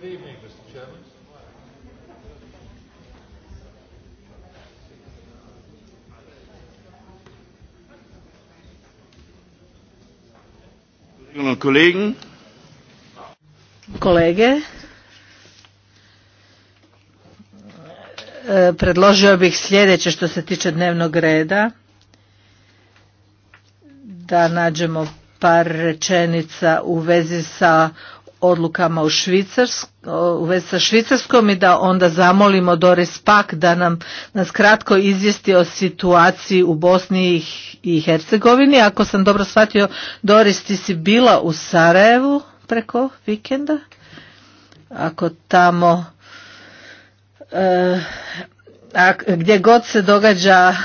Good evening, Kolege, e, predložio bih sljedeće što se tiče dnevnog reda. Da nađemo par rečenica u vezi sa odlukama u, vezi sa Švicarskom i da onda zamolimo Doris Pak da nam nas kratko izvijesti o situaciji u Bosni i Hercegovini. Ako sam dobro shvatio, Doris ti si bila u Sarajevu preko vikenda? Ako tamo e, gdje god se događa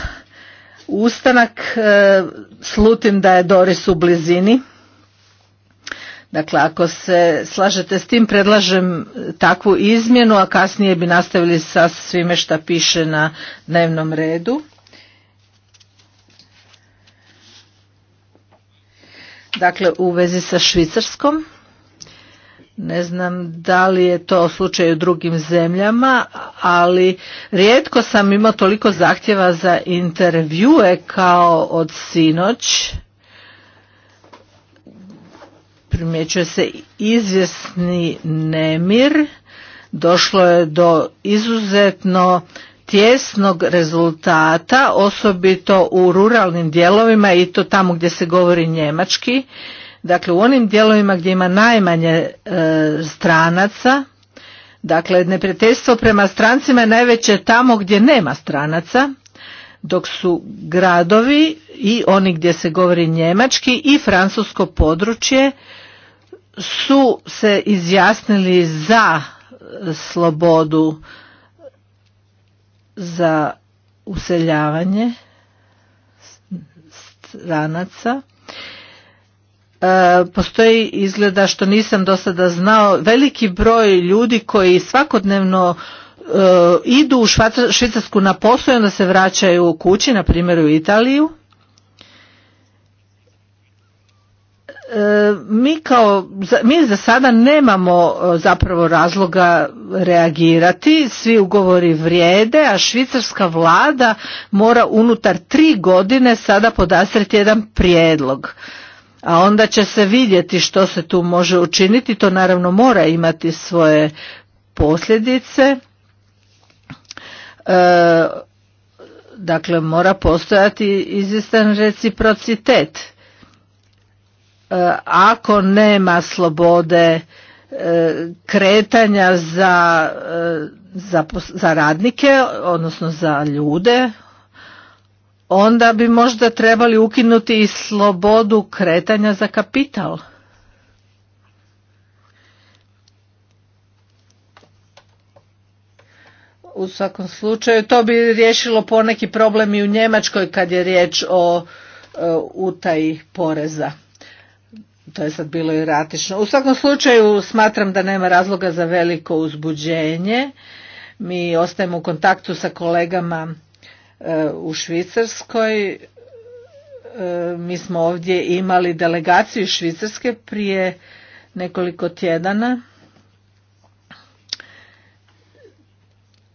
ustanak, e, slutim da je Doris u blizini. Dakle, ako se slažete s tim, predlažem takvu izmjenu, a kasnije bi nastavili sa svime što piše na dnevnom redu. Dakle, u vezi sa Švicarskom. Ne znam da li je to slučaj u drugim zemljama, ali rijetko sam imao toliko zahtjeva za intervjue kao od sinoć primjećuje se izvjesni nemir, došlo je do izuzetno tjesnog rezultata, osobito u ruralnim dijelovima i to tamo gdje se govori njemački, dakle u onim dijelovima gdje ima najmanje e, stranaca, dakle neprijateljstvo prema strancima je najveće tamo gdje nema stranaca, dok su gradovi i oni gdje se govori njemački i francusko područje su se izjasnili za e, slobodu za useljavanje stranaca. E, postoji izgleda što nisam do sada znao veliki broj ljudi koji svakodnevno e, idu u Švicarsku na posao i onda se vraćaju u kući, na primjer u Italiju E, mi kao mi za sada nemamo e, zapravo razloga reagirati svi ugovori vrijede a švicarska vlada mora unutar tri godine sada podastrijeti jedan prijedlog a onda će se vidjeti što se tu može učiniti to naravno mora imati svoje posljedice e, dakle mora postojati izvjestan reciprocitet E, ako nema slobode e, kretanja za, e, za, za radnike, odnosno za ljude, onda bi možda trebali ukinuti i slobodu kretanja za kapital. U svakom slučaju to bi riješilo poneki problem i u Njemačkoj kad je riječ o utaji poreza to je sad bilo i U svakom slučaju smatram da nema razloga za veliko uzbuđenje. Mi ostajemo u kontaktu sa kolegama e, u Švicarskoj. E, mi smo ovdje imali delegaciju iz Švicarske prije nekoliko tjedana.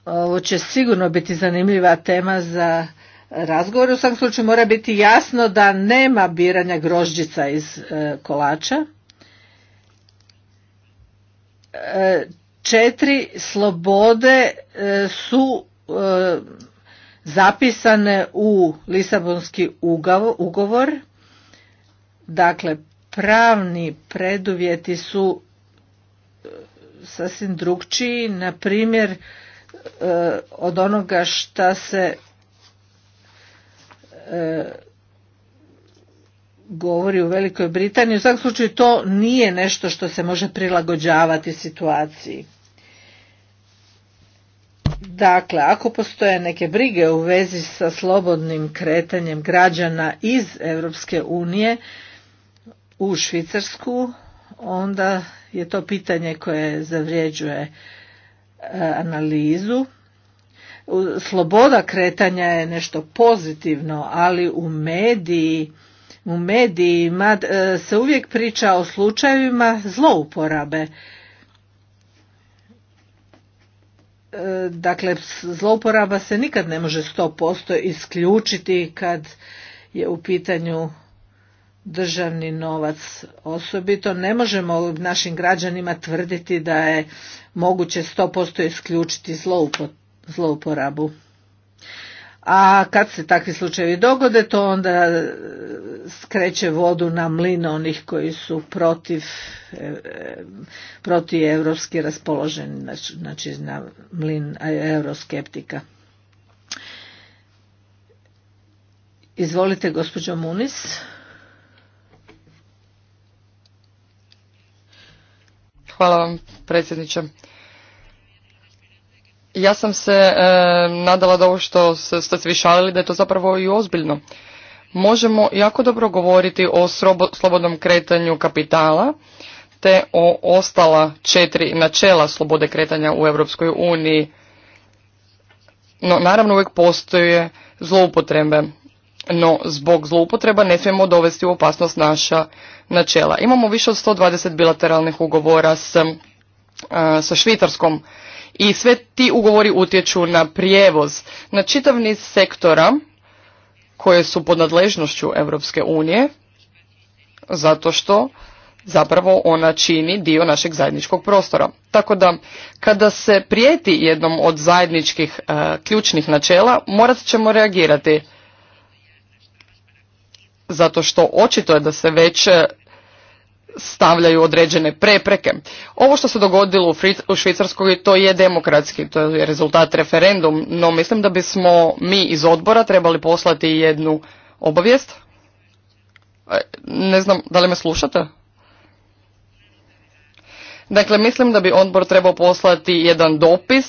Ovo će sigurno biti zanimljiva tema za razgovor. U svakom slučaju mora biti jasno da nema biranja grožđica iz e, kolača. E, četiri slobode e, su zapisane u Lisabonski ugovor. Dakle, pravni preduvjeti su sasvim drugčiji, na primjer, od onoga šta se govori u Velikoj Britaniji. U svakom slučaju to nije nešto što se može prilagođavati situaciji. Dakle, ako postoje neke brige u vezi sa slobodnim kretanjem građana iz Europske unije u Švicarsku, onda je to pitanje koje zavrijeđuje e, analizu sloboda kretanja je nešto pozitivno, ali u mediji u medijima e, se uvijek priča o slučajevima zlouporabe. E, dakle, zlouporaba se nikad ne može 100% isključiti kad je u pitanju državni novac osobito. Ne možemo našim građanima tvrditi da je moguće 100% isključiti zlouporabu. A kad se takvi slučajevi dogode, to onda skreće vodu na mlin onih koji su protiv, e, protiv evropski raspoloženi, znači na mlin euroskeptika. Izvolite, gospođo Munis. Hvala vam, predsjedniče ja sam se e, nadala da ovo što ste svi šalili da je to zapravo i ozbiljno. Možemo jako dobro govoriti o slobodnom kretanju kapitala te o ostala četiri načela slobode kretanja u Europskoj uniji. No, naravno uvijek postoje zloupotrebe, no zbog zloupotreba ne smijemo dovesti u opasnost naša načela. Imamo više od 120 bilateralnih ugovora s, e, sa Švicarskom, i sve ti ugovori utječu na prijevoz, na čitav niz sektora koje su pod nadležnošću Europske unije, zato što zapravo ona čini dio našeg zajedničkog prostora. Tako da, kada se prijeti jednom od zajedničkih e, ključnih načela, morat ćemo reagirati. Zato što očito je da se već e, stavljaju određene prepreke. Ovo što se dogodilo u Švicarskoj to je demokratski, to je rezultat referendum, no mislim da bismo mi iz odbora trebali poslati jednu obavijest. E, ne znam, da li me slušate? Dakle, mislim da bi odbor trebao poslati jedan dopis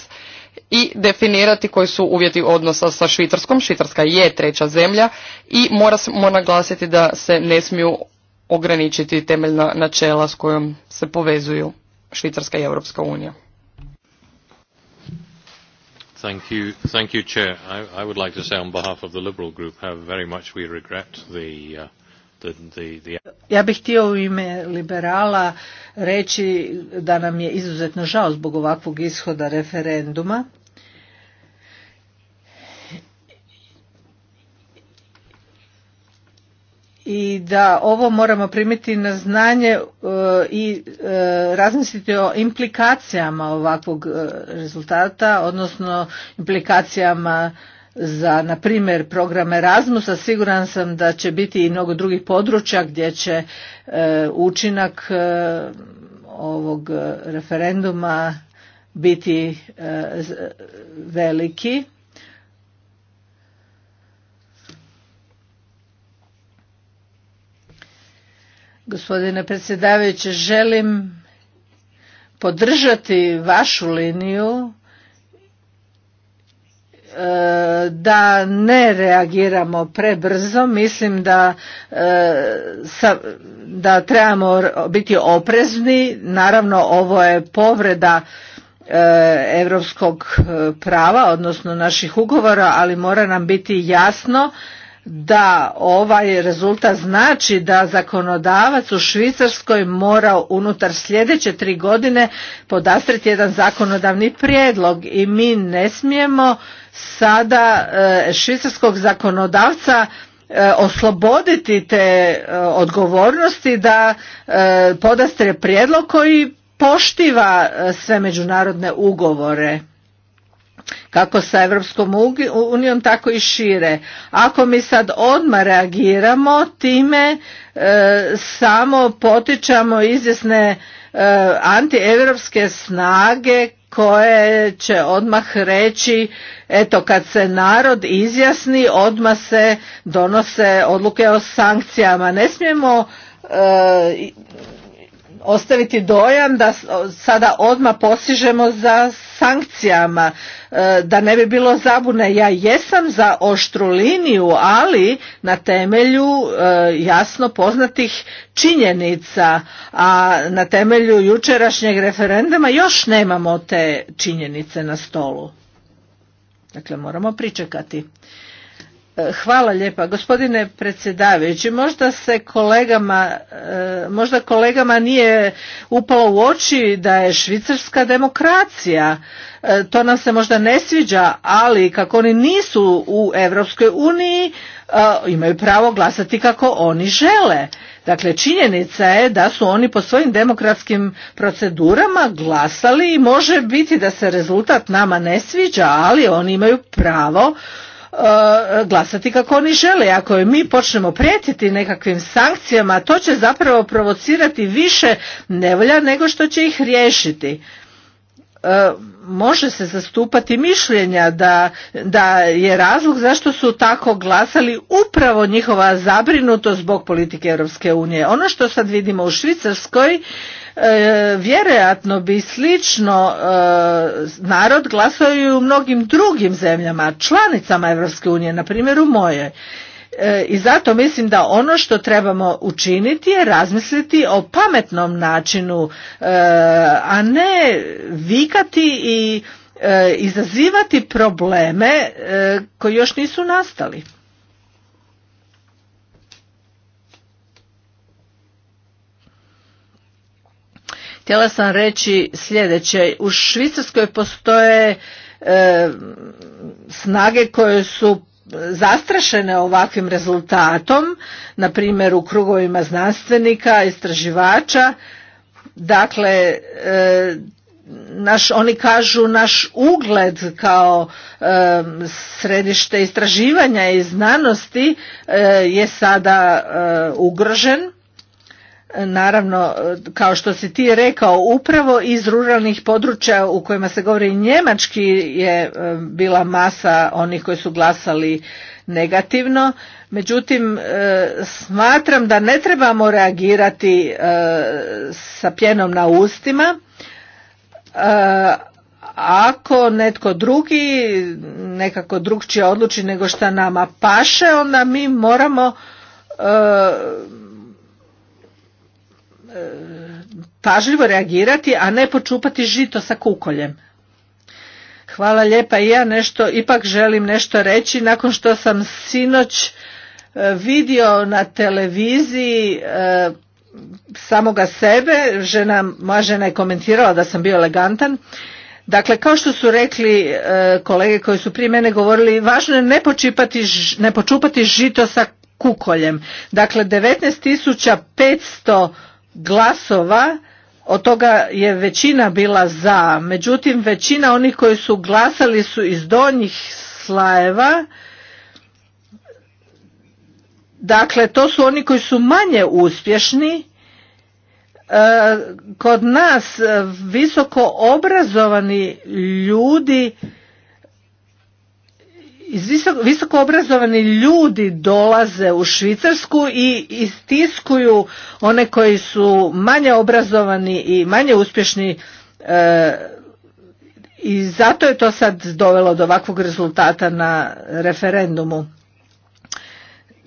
i definirati koji su uvjeti odnosa sa Švicarskom. Švicarska je treća zemlja i mora, mora naglasiti da se ne smiju ograničiti temeljna načela s kojom se povezuju Švicarska i Europska unija. Thank you, thank you, Chair. I, I would like to say on behalf of the Liberal Group how very much we regret the uh, ja bih htio u ime liberala reći da nam je izuzetno žao zbog ovakvog ishoda referenduma. i da ovo moramo primiti na znanje e, i e, razmisliti o implikacijama ovakvog e, rezultata, odnosno implikacijama za, na primjer, program Erasmusa. Siguran sam da će biti i mnogo drugih područja gdje će učinak ovog referenduma biti veliki Gospodine predsjedavajući, želim podržati vašu liniju e, da ne reagiramo prebrzo, mislim da, e, da trebamo biti oprezni, naravno ovo je povreda europskog e, prava, odnosno naših ugovora, ali mora nam biti jasno da ovaj rezultat znači da zakonodavac u Švicarskoj mora unutar sljedeće tri godine podastriti jedan zakonodavni prijedlog i mi ne smijemo sada e, švicarskog zakonodavca e, osloboditi te e, odgovornosti da podastre prijedlog koji poštiva sve međunarodne ugovore kako sa Europskom unijom, tako i šire. Ako mi sad odmah reagiramo, time e, samo potičamo izvjesne e, antievropske snage koje će odmah reći, eto kad se narod izjasni, odmah se donose odluke o sankcijama. Ne smijemo e, ostaviti dojam da sada odmah posižemo za sankcijama, e, da ne bi bilo zabune. Ja jesam za oštru liniju, ali na temelju e, jasno poznatih činjenica, a na temelju jučerašnjeg referenduma još nemamo te činjenice na stolu. Dakle, moramo pričekati. E, hvala lijepa. Gospodine predsjedavajući, možda se kolegama, e, možda kolegama nije upalo u oči da je švicarska demokracija. E, to nam se možda ne sviđa, ali kako oni nisu u Europskoj uniji, imaju pravo glasati kako oni žele. Dakle, činjenica je da su oni po svojim demokratskim procedurama glasali i može biti da se rezultat nama ne sviđa, ali oni imaju pravo E, glasati kako oni žele. Ako mi počnemo prijetiti nekakvim sankcijama, to će zapravo provocirati više nevolja nego što će ih riješiti. E, može se zastupati mišljenja da, da je razlog zašto su tako glasali upravo njihova zabrinutost zbog politike Europske unije. Ono što sad vidimo u Švicarskoj E, vjerojatno bi slično e, narod glasao i u mnogim drugim zemljama, članicama Europske unije, na primjer u moje. I zato mislim da ono što trebamo učiniti je razmisliti o pametnom načinu, e, a ne vikati i izazivati probleme koji još nisu nastali. Htjela sam reći sljedeće. U Švicarskoj postoje e, snage koje su zastrašene ovakvim rezultatom, na primjer u krugovima znanstvenika, istraživača. Dakle, e, naš, oni kažu naš ugled kao e, središte istraživanja i znanosti je sada ugrožen naravno kao što si ti rekao upravo iz ruralnih područja u kojima se govori njemački je e, bila masa onih koji su glasali negativno međutim e, smatram da ne trebamo reagirati e, sa pjenom na ustima ako netko drugi nekako drugčije odluči nego šta nama paše onda mi moramo E, pažljivo reagirati, a ne počupati žito sa kukoljem. Hvala lijepa i ja nešto, ipak želim nešto reći. Nakon što sam sinoć e, vidio na televiziji e, samoga sebe, žena, moja žena je komentirala da sam bio elegantan, Dakle, kao što su rekli kolege koji su prije mene govorili, važno je ne, počipati, ne počupati žito sa kukoljem. Dakle, 19.500 glasova od toga je većina bila za međutim većina onih koji su glasali su iz donjih slajeva dakle to su oni koji su manje uspješni e, kod nas visoko obrazovani ljudi iz visoko, obrazovani ljudi dolaze u Švicarsku i istiskuju one koji su manje obrazovani i manje uspješni e, i zato je to sad dovelo do ovakvog rezultata na referendumu.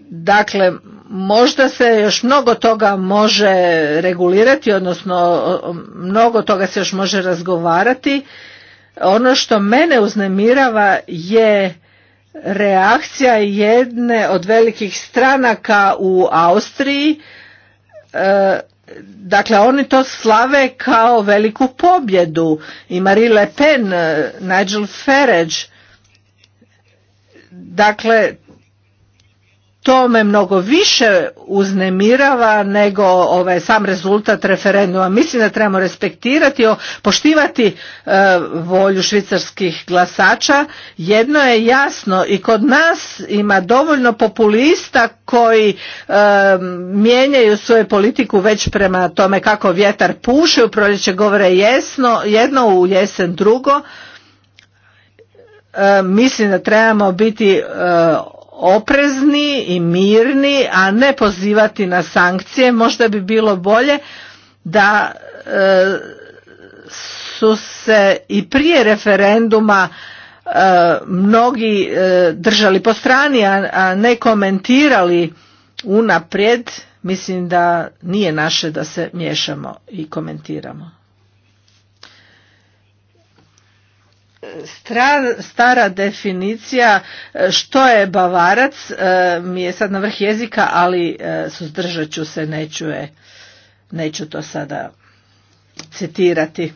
Dakle, možda se još mnogo toga može regulirati, odnosno mnogo toga se još može razgovarati. Ono što mene uznemirava je reakcija jedne od velikih stranaka u Austriji e, dakle oni to slave kao veliku pobjedu i Marie Le Pen, e, Nigel Farage dakle to me mnogo više uznemirava nego ovaj sam rezultat referenduma. Mislim da trebamo respektirati, poštivati e, volju švicarskih glasača. Jedno je jasno i kod nas ima dovoljno populista koji e, mijenjaju svoju politiku već prema tome kako vjetar puše, u proljeće govore jesno, jedno u jesen drugo. E, mislim da trebamo biti e, oprezni i mirni, a ne pozivati na sankcije. Možda bi bilo bolje da e, su se i prije referenduma e, mnogi e, držali po strani, a, a ne komentirali unaprijed. Mislim da nije naše da se miješamo i komentiramo. stara definicija e, što je bavarac e, mi je sad na vrh jezika, ali e, suzdržat ću se, neću je, neću to sada citirati.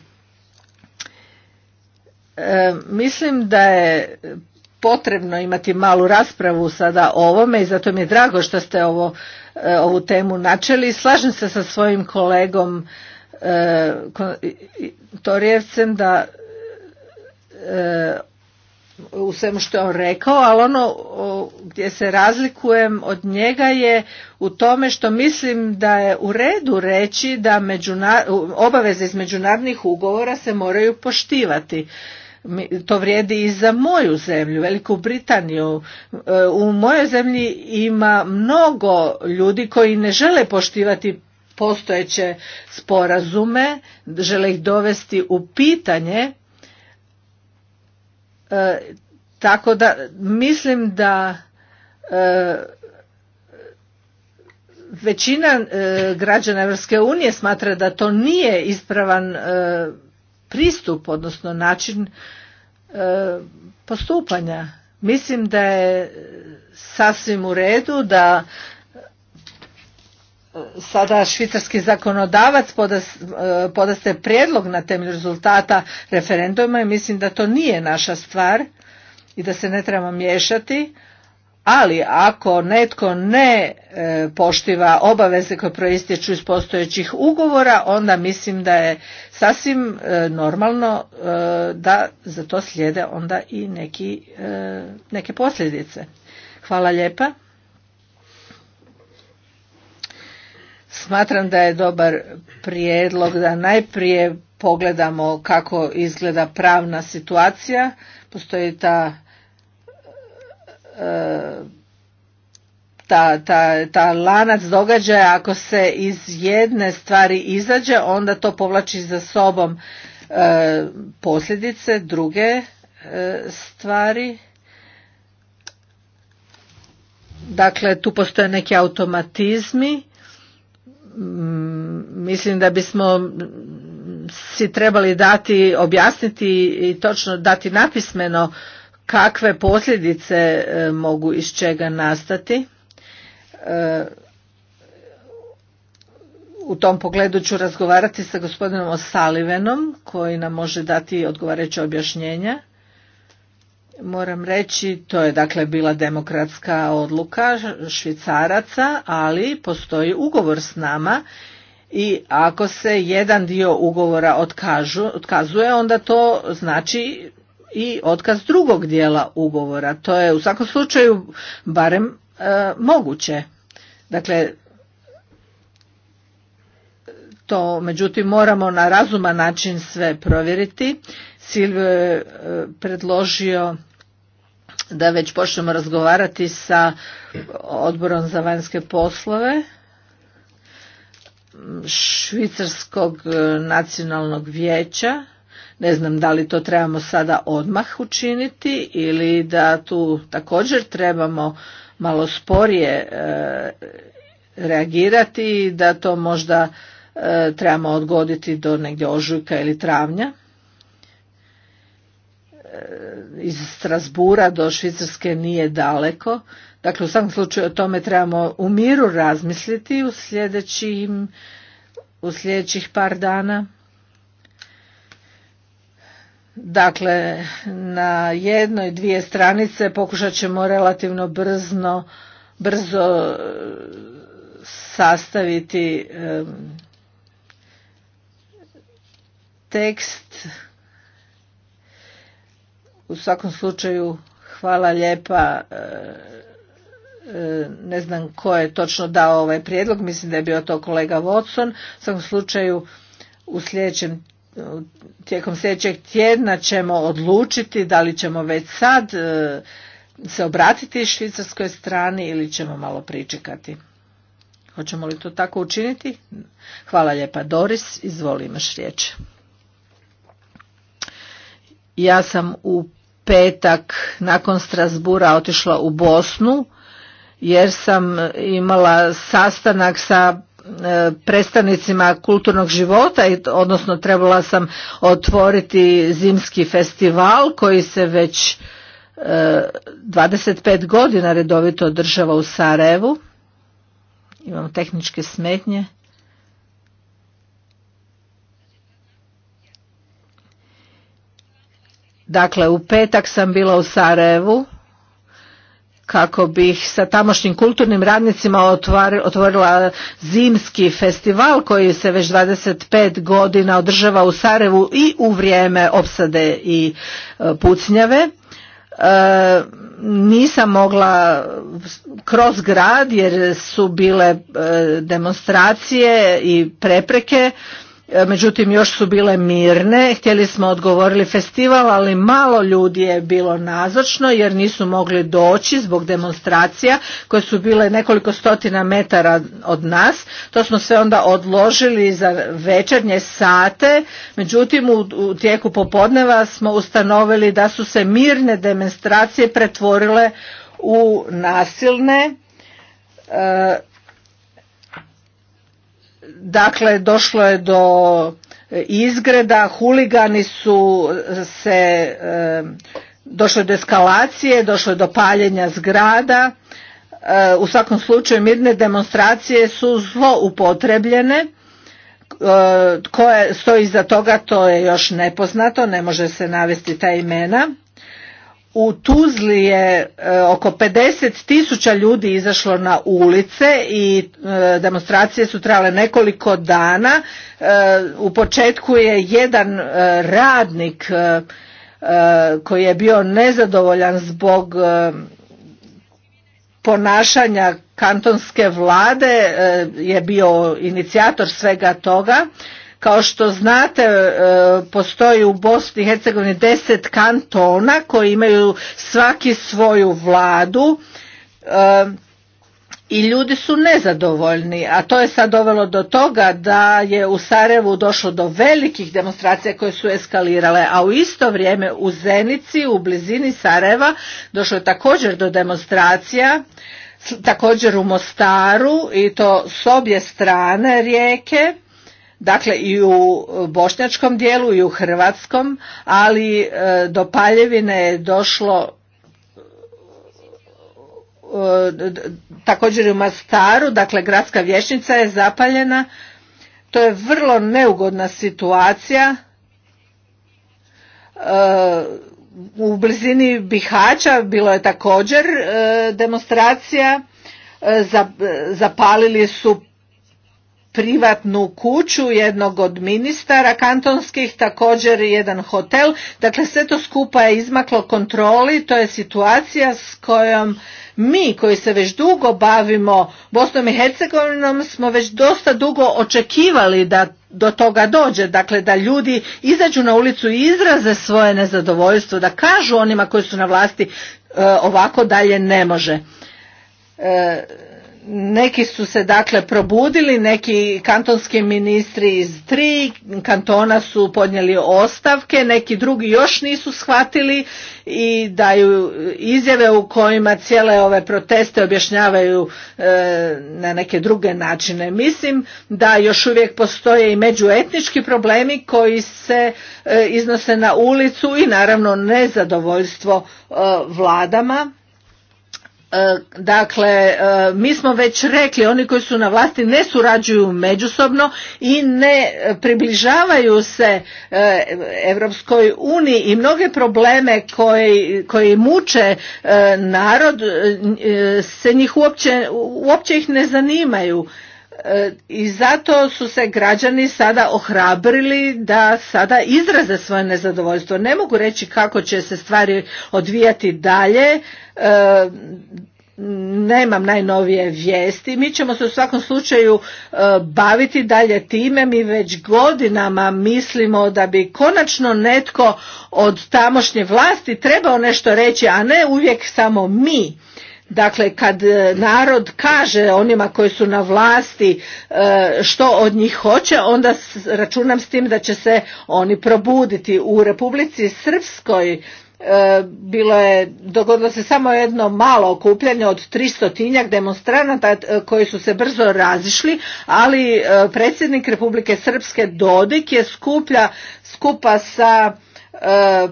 Mislim da je potrebno imati malu raspravu sada o ovome i zato mi je drago što ste ovo, ovu temu načeli. Slažem se sa svojim kolegom Torjevcem da E, u svemu što je on rekao, ali ono gdje se razlikujem od njega je u tome što mislim da je u redu reći da obaveze iz međunarodnih ugovora se moraju poštivati. To vrijedi i za moju zemlju, Veliku Britaniju. E, u mojoj zemlji ima mnogo ljudi koji ne žele poštivati postojeće sporazume, žele ih dovesti u pitanje E, tako da mislim da e, većina e, građana Europske unije smatra da to nije ispravan pristup, odnosno način postupanja. Mislim da je sasvim u redu da sada švicarski zakonodavac e, podaste prijedlog na temelju rezultata referenduma i mislim da to nije naša stvar i da se ne trebamo miješati ali ako netko ne e, poštiva obaveze koje proistječu iz postojećih ugovora onda mislim da je sasvim e, normalno da za to slijede onda i neke posljedice hvala lijepa Smatram da je dobar prijedlog da najprije pogledamo kako izgleda pravna situacija. Postoji e, ta ta, ta, lanac događaja ako se iz jedne stvari izađe onda to povlači za sobom e, posljedice druge e, stvari dakle tu postoje neki automatizmi Mm, mislim da bismo si trebali dati, objasniti i točno dati napismeno kakve posljedice e, mogu iz čega nastati. E, u tom pogledu ću razgovarati sa gospodinom Osalivenom koji nam može dati odgovarajuće objašnjenja. Moram reći, to je dakle bila demokratska odluka švicaraca, ali postoji ugovor s nama i ako se jedan dio ugovora otkažu, otkazuje, onda to znači i otkaz drugog dijela ugovora. To je u svakom slučaju barem e, moguće. Dakle, to međutim moramo na razuman način sve provjeriti. Silvio je e, predložio da već počnemo razgovarati sa odborom za vanjske poslove Švicarskog e, nacionalnog vijeća. Ne znam da li to trebamo sada odmah učiniti ili da tu također trebamo malo sporije e, reagirati i da to možda e, trebamo odgoditi do negdje ožujka ili travnja iz Strasbura do Švicarske nije daleko. Dakle, u svakom slučaju o tome trebamo u miru razmisliti u, sljedećim, u sljedećih par dana. Dakle, na jednoj, dvije stranice pokušat ćemo relativno brzno, brzo e, sastaviti e, tekst u svakom slučaju hvala lijepa e, e, ne znam ko je točno dao ovaj prijedlog, mislim da je bio to kolega Watson. U svakom slučaju u sljedećem tijekom sljedećeg tjedna ćemo odlučiti da li ćemo već sad e, se obratiti švicarskoj strani ili ćemo malo pričekati. Hoćemo li to tako učiniti? Hvala lijepa. Doris, izvoli imaš riječ. Ja sam u petak nakon Strasbura otišla u Bosnu jer sam imala sastanak sa e, predstavnicima kulturnog života, odnosno trebala sam otvoriti zimski festival koji se već 25 e, godina redovito održava u Sarajevu. Imamo tehničke smetnje. Dakle, u petak sam bila u Sarajevu kako bih sa tamošnjim kulturnim radnicima otvorila zimski festival koji se već 25 godina održava u Sarajevu i u vrijeme opsade i e, pucnjave. E, nisam mogla kroz grad jer su bile e, demonstracije i prepreke E, međutim još su bile mirne, htjeli smo odgovorili festival, ali malo ljudi je bilo nazočno jer nisu mogli doći zbog demonstracija koje su bile nekoliko stotina metara od nas. To smo sve onda odložili za večernje sate, međutim u tijeku popodneva smo ustanovili da su se mirne demonstracije pretvorile u nasilne. E, Dakle, došlo je do e, izgreda, huligani su se, e, došlo je do eskalacije, došlo je do paljenja zgrada. E, u svakom slučaju mirne demonstracije su zloupotrebljene. Koje stoji iza toga, to je još nepoznato, ne može se navesti ta imena u Tuzli je e, oko 50 tisuća ljudi izašlo na ulice i e, demonstracije su trajale nekoliko dana. E, u početku je jedan radnik koji je bio nezadovoljan zbog ponašanja kantonske vlade je bio inicijator svega toga kao što znate, e, postoji u Bosni i Hercegovini deset kantona koji imaju svaki svoju vladu e, i ljudi su nezadovoljni, a to je sad dovelo do toga da je u Sarajevu došlo do velikih demonstracija koje su eskalirale, a u isto vrijeme u Zenici, u blizini Sarajeva, došlo je također do demonstracija, također u Mostaru i to s obje strane rijeke dakle i u bošnjačkom dijelu i u hrvatskom, ali e, do paljevine je došlo e, također i u Mastaru, dakle gradska vješnica je zapaljena. To je vrlo neugodna situacija. E, u blizini Bihaća bilo je također demonstracija. Zapalili su privatnu kuću jednog od ministara kantonskih, također jedan hotel. Dakle, sve to skupa je izmaklo kontroli, to je situacija s kojom mi koji se već dugo bavimo Bosnom i Hercegovinom smo već dosta dugo očekivali da do toga dođe, dakle da ljudi izađu na ulicu i izraze svoje nezadovoljstvo, da kažu onima koji su na vlasti e, ovako dalje ne može. E, neki su se dakle probudili, neki kantonski ministri iz tri kantona su podnijeli ostavke, neki drugi još nisu shvatili i daju izjave u kojima cijele ove proteste objašnjavaju e, na neke druge načine. Mislim da još uvijek postoje i međuetnički problemi koji se e, iznose na ulicu i naravno nezadovoljstvo e, vladama E, dakle, e, mi smo već rekli, oni koji su na vlasti ne surađuju međusobno i ne približavaju se Europskoj uniji i mnoge probleme koji, muče e, narod se njih uopće, uopće ih ne zanimaju E, i zato su se građani sada ohrabrili da sada izraze svoje nezadovoljstvo. Ne mogu reći kako će se stvari odvijati dalje, e, nemam najnovije vijesti. Mi ćemo se u svakom slučaju e, baviti dalje time. Mi već godinama mislimo da bi konačno netko od tamošnje vlasti trebao nešto reći, a ne uvijek samo mi Dakle, kad e, narod kaže onima koji su na vlasti e, što od njih hoće, onda računam s tim da će se oni probuditi. U Republici Srpskoj e, bilo je, dogodilo se samo jedno malo okupljanje od 300 tinjak demonstranata koji su se brzo razišli, ali predsjednik Republike Srpske Dodik je skuplja, skupa sa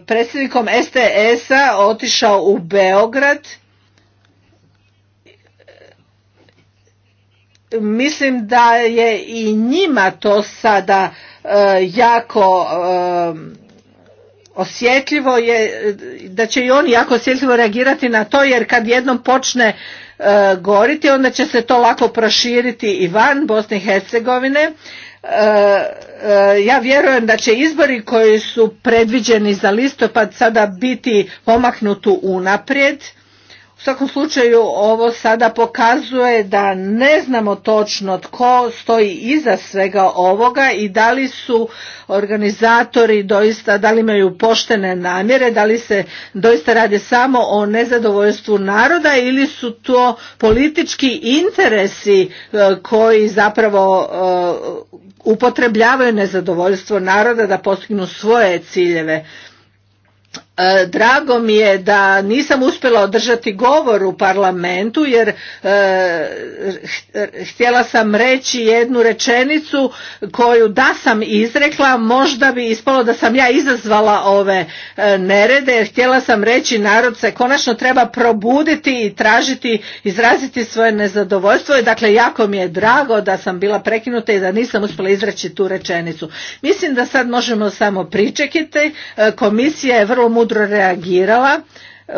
predsjednikom STS-a otišao u Beograd mislim da je i njima to sada e, jako e, osjetljivo je da će i oni jako osjetljivo reagirati na to jer kad jednom počne e, goriti onda će se to lako proširiti i van Bosne i Hercegovine ja vjerujem da će izbori koji su predviđeni za listopad sada biti pomaknuti unaprijed u svakom slučaju ovo sada pokazuje da ne znamo točno tko stoji iza svega ovoga i da li su organizatori doista, da li imaju poštene namjere, da li se doista radi samo o nezadovoljstvu naroda ili su to politički interesi e, koji zapravo e, upotrebljavaju nezadovoljstvo naroda da postignu svoje ciljeve. E, drago mi je da nisam uspjela održati govor u parlamentu jer e, htjela sam reći jednu rečenicu koju da sam izrekla možda bi ispalo da sam ja izazvala ove e, nerede jer htjela sam reći narod se konačno treba probuditi i tražiti, izraziti svoje nezadovoljstvo i dakle jako mi je drago da sam bila prekinuta i da nisam uspjela izreći tu rečenicu. Mislim da sad možemo samo pričekiti, komisija je vrlo mudra mudro reagirala.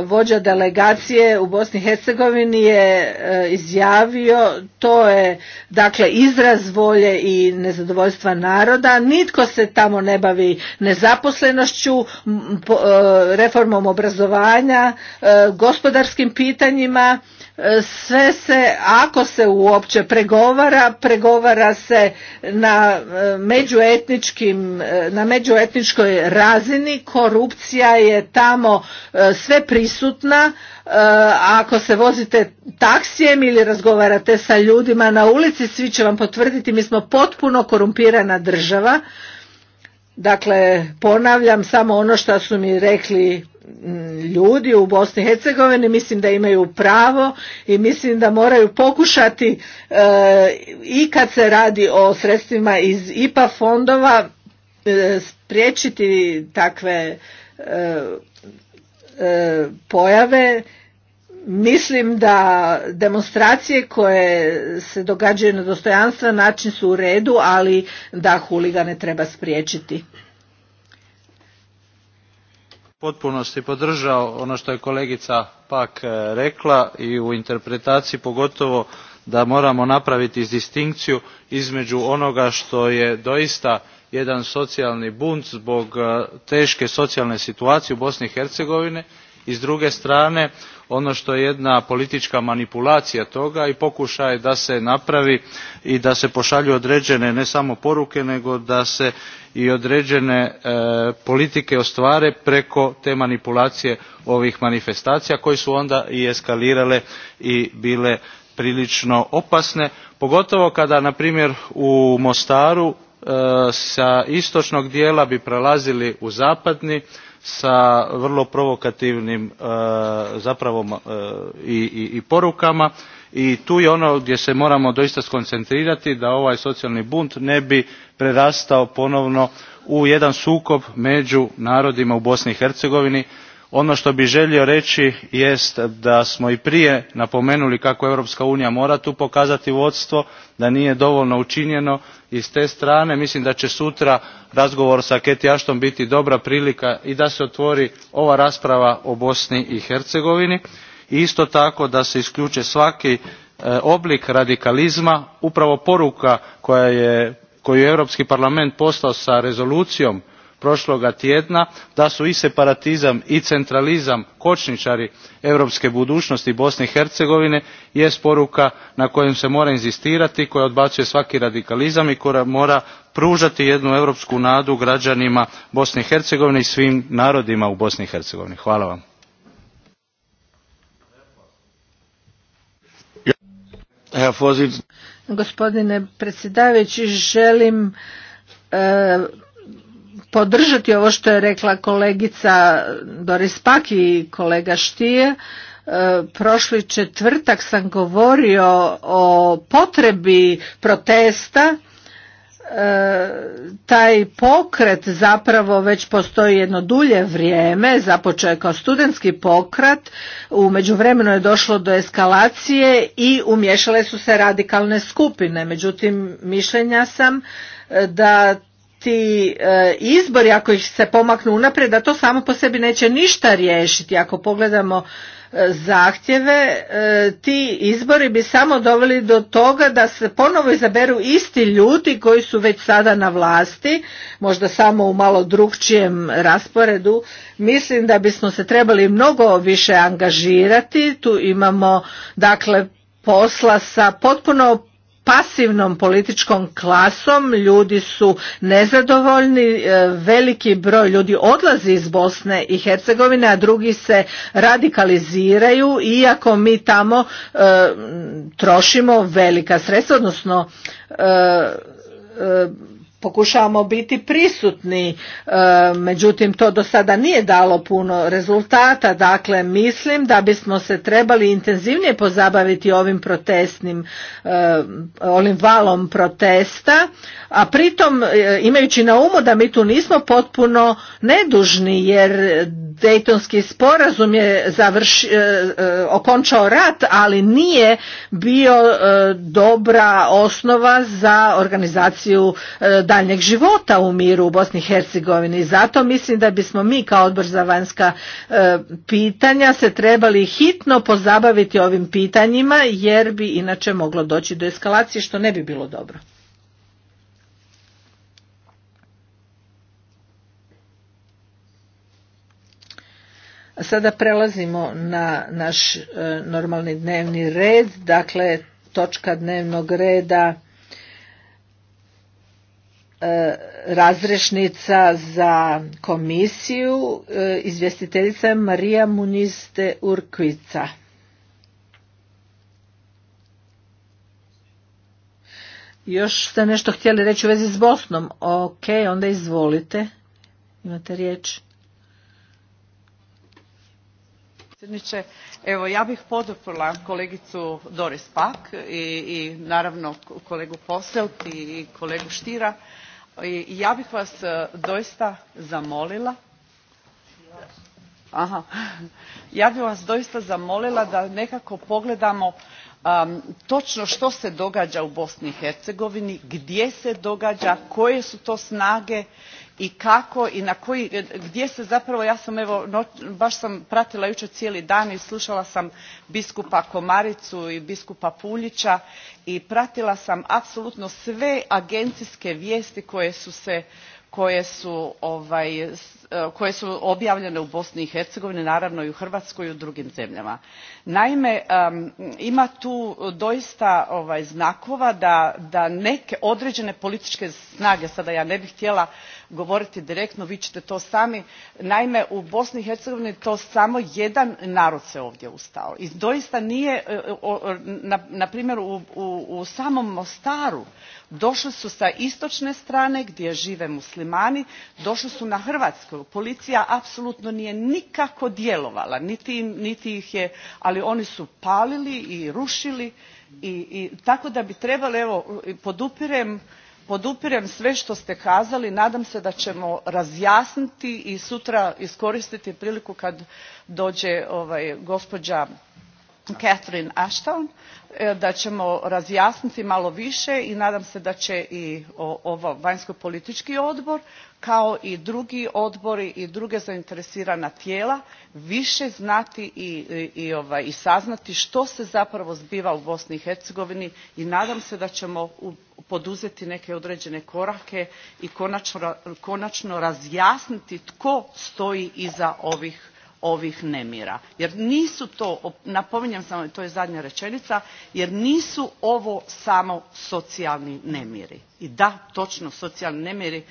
Vođa delegacije u Bosni i Hercegovini je e, izjavio, to je dakle izraz volje i nezadovoljstva naroda, nitko se tamo ne bavi nezaposlenošću, e, reformom obrazovanja, e, gospodarskim pitanjima, sve se, ako se uopće pregovara, pregovara se na e, međuetničkim, e, na međuetničkoj razini, korupcija je tamo e, sve prisutna, ako se vozite taksijem ili razgovarate sa ljudima na ulici, svi će vam potvrditi, mi smo potpuno korumpirana država, dakle ponavljam samo ono što su mi rekli Mm, ljudi u Bosni i Hercegovini mislim da imaju pravo i mislim da moraju pokušati e, i kad se radi o sredstvima iz IPA fondova e, spriječiti takve e, pojave mislim da demonstracije koje se događaju na dostojanstven način su u redu ali da huligane treba spriječiti potpunosti podržao ono što je kolegica pak e, rekla i u interpretaciji pogotovo da moramo napraviti distinkciju između onoga što je doista jedan socijalni bunt zbog e, teške socijalne situacije u bosni i hercegovini i s druge strane ono što je jedna politička manipulacija toga i pokušaj da se napravi i da se pošalju određene ne samo poruke nego da se i određene e, politike ostvare preko te manipulacije ovih manifestacija koje su onda i eskalirale i bile prilično opasne pogotovo kada na primjer u mostaru e, sa istočnog dijela bi prelazili u zapadni sa vrlo provokativnim e, zapravo e, i, porukama i tu je ono gdje se moramo doista skoncentrirati da ovaj socijalni bunt ne bi prerastao ponovno u jedan sukob među narodima u bosni i hercegovini ono što bih želio reći jest da smo i prije napomenuli kako europska unija mora tu pokazati vodstvo da nije dovoljno učinjeno i s te strane mislim da će sutra razgovor sa catherine biti dobra prilika i da se otvori ova rasprava o bosni i hercegovini i isto tako da se isključe svaki eh, oblik radikalizma upravo poruka koju je europski parlament poslao sa rezolucijom prošloga tjedna da su i separatizam i centralizam kočničari europske budućnosti bosne i hercegovine jest poruka na kojoj se mora inzistirati koja odbacuje svaki radikalizam i koja mora pružati jednu europsku nadu građanima bosne i hercegovine i svim narodima u bosni i hercegovini. hvala vam. gospodine predsjedavajući želim e, podržati ovo što je rekla kolegica Doris Pak i kolega Štije. Prošli četvrtak sam govorio o potrebi protesta e, taj pokret zapravo već postoji jedno dulje vrijeme, započeo je kao studentski pokret, u međuvremenu je došlo do eskalacije i umješale su se radikalne skupine. Međutim, mišljenja sam e, da ti e, izbori ako ih se pomaknu unaprijed da to samo po sebi neće ništa riješiti ako pogledamo e, zahtjeve e, ti izbori bi samo doveli do toga da se ponovo izaberu isti ljudi koji su već sada na vlasti možda samo u malo drugčijem rasporedu mislim da bismo se trebali mnogo više angažirati tu imamo dakle posla sa potpuno pasivnom političkom klasom, ljudi su nezadovoljni, e, veliki broj ljudi odlazi iz Bosne i Hercegovine, a drugi se radikaliziraju, iako mi tamo e, trošimo velika sredstva, odnosno e, pokušavamo biti prisutni, e, međutim to do sada nije dalo puno rezultata, dakle mislim da bismo se trebali intenzivnije pozabaviti ovim protestnim, e, ovim valom protesta, a pritom e, imajući na umu da mi tu nismo potpuno nedužni jer Dejtonski sporazum je završi, okončao rat, ali nije bio dobra osnova za organizaciju daljnjeg života u miru u Bosni i Hercegovini. Zato mislim da bismo mi kao odbor za vanjska e, pitanja se trebali hitno pozabaviti ovim pitanjima jer bi inače moglo doći do eskalacije što ne bi bilo dobro. Sada prelazimo na naš e, normalni dnevni red, dakle točka dnevnog reda E, razrešnica za komisiju e, izvjestiteljica Marija Muniste Urkvica. Još ste nešto htjeli reći u vezi s Bosnom. Ok, onda izvolite. Imate riječ. Evo, ja bih poduprla kolegicu Doris Pak i, i naravno kolegu Poselt i kolegu Štira. I ja bih vas e, doista zamolila Aha. Ja bih vas doista zamolila da nekako pogledamo točno što se događa u bosni i hercegovini gdje se događa koje su to snage i kako i na koji gdje se zapravo ja sam evo baš sam pratila jučer cijeli dan i slušala sam biskupa komaricu i biskupa puljića i pratila sam apsolutno sve agencijske vijesti koje su se koje su ovaj, E, koje su objavljene u bosni i hercegovini naravno i u hrvatskoj i u drugim zemljama. naime ima tu doista ovaj, znakova da neke određene političke snage sada ja ne bih htjela govoriti direktno vi ćete to sami naime u bosni i hercegovini to samo jedan narod se ovdje ustao i doista nije e, na primjer u, u samom mostaru došli su sa istočne strane gdje žive muslimani došli su na hrvatsku Policija apsolutno nije nikako djelovala, niti, ih je, ali oni su palili i rušili i, tako da bi trebali, evo, podupirem sve što ste kazali nadam se da ćemo razjasniti i sutra iskoristiti priliku kad dođe ovaj, gospođa catherine ashton e, da ćemo razjasniti malo više i nadam se da će i ovaj vanjskopolitički odbor kao i drugi odbori i druge zainteresirana tijela više znati i, ovaj, i saznati što se zapravo zbiva u bosni i hercegovini i nadam se da ćemo poduzeti neke određene korake i konačno razjasniti tko stoji iza ovih ovih nemira jer nisu to napominjem samo to je zadnja rečenica jer nisu ovo samo socijalni nemiri i da točno socijalni nemiri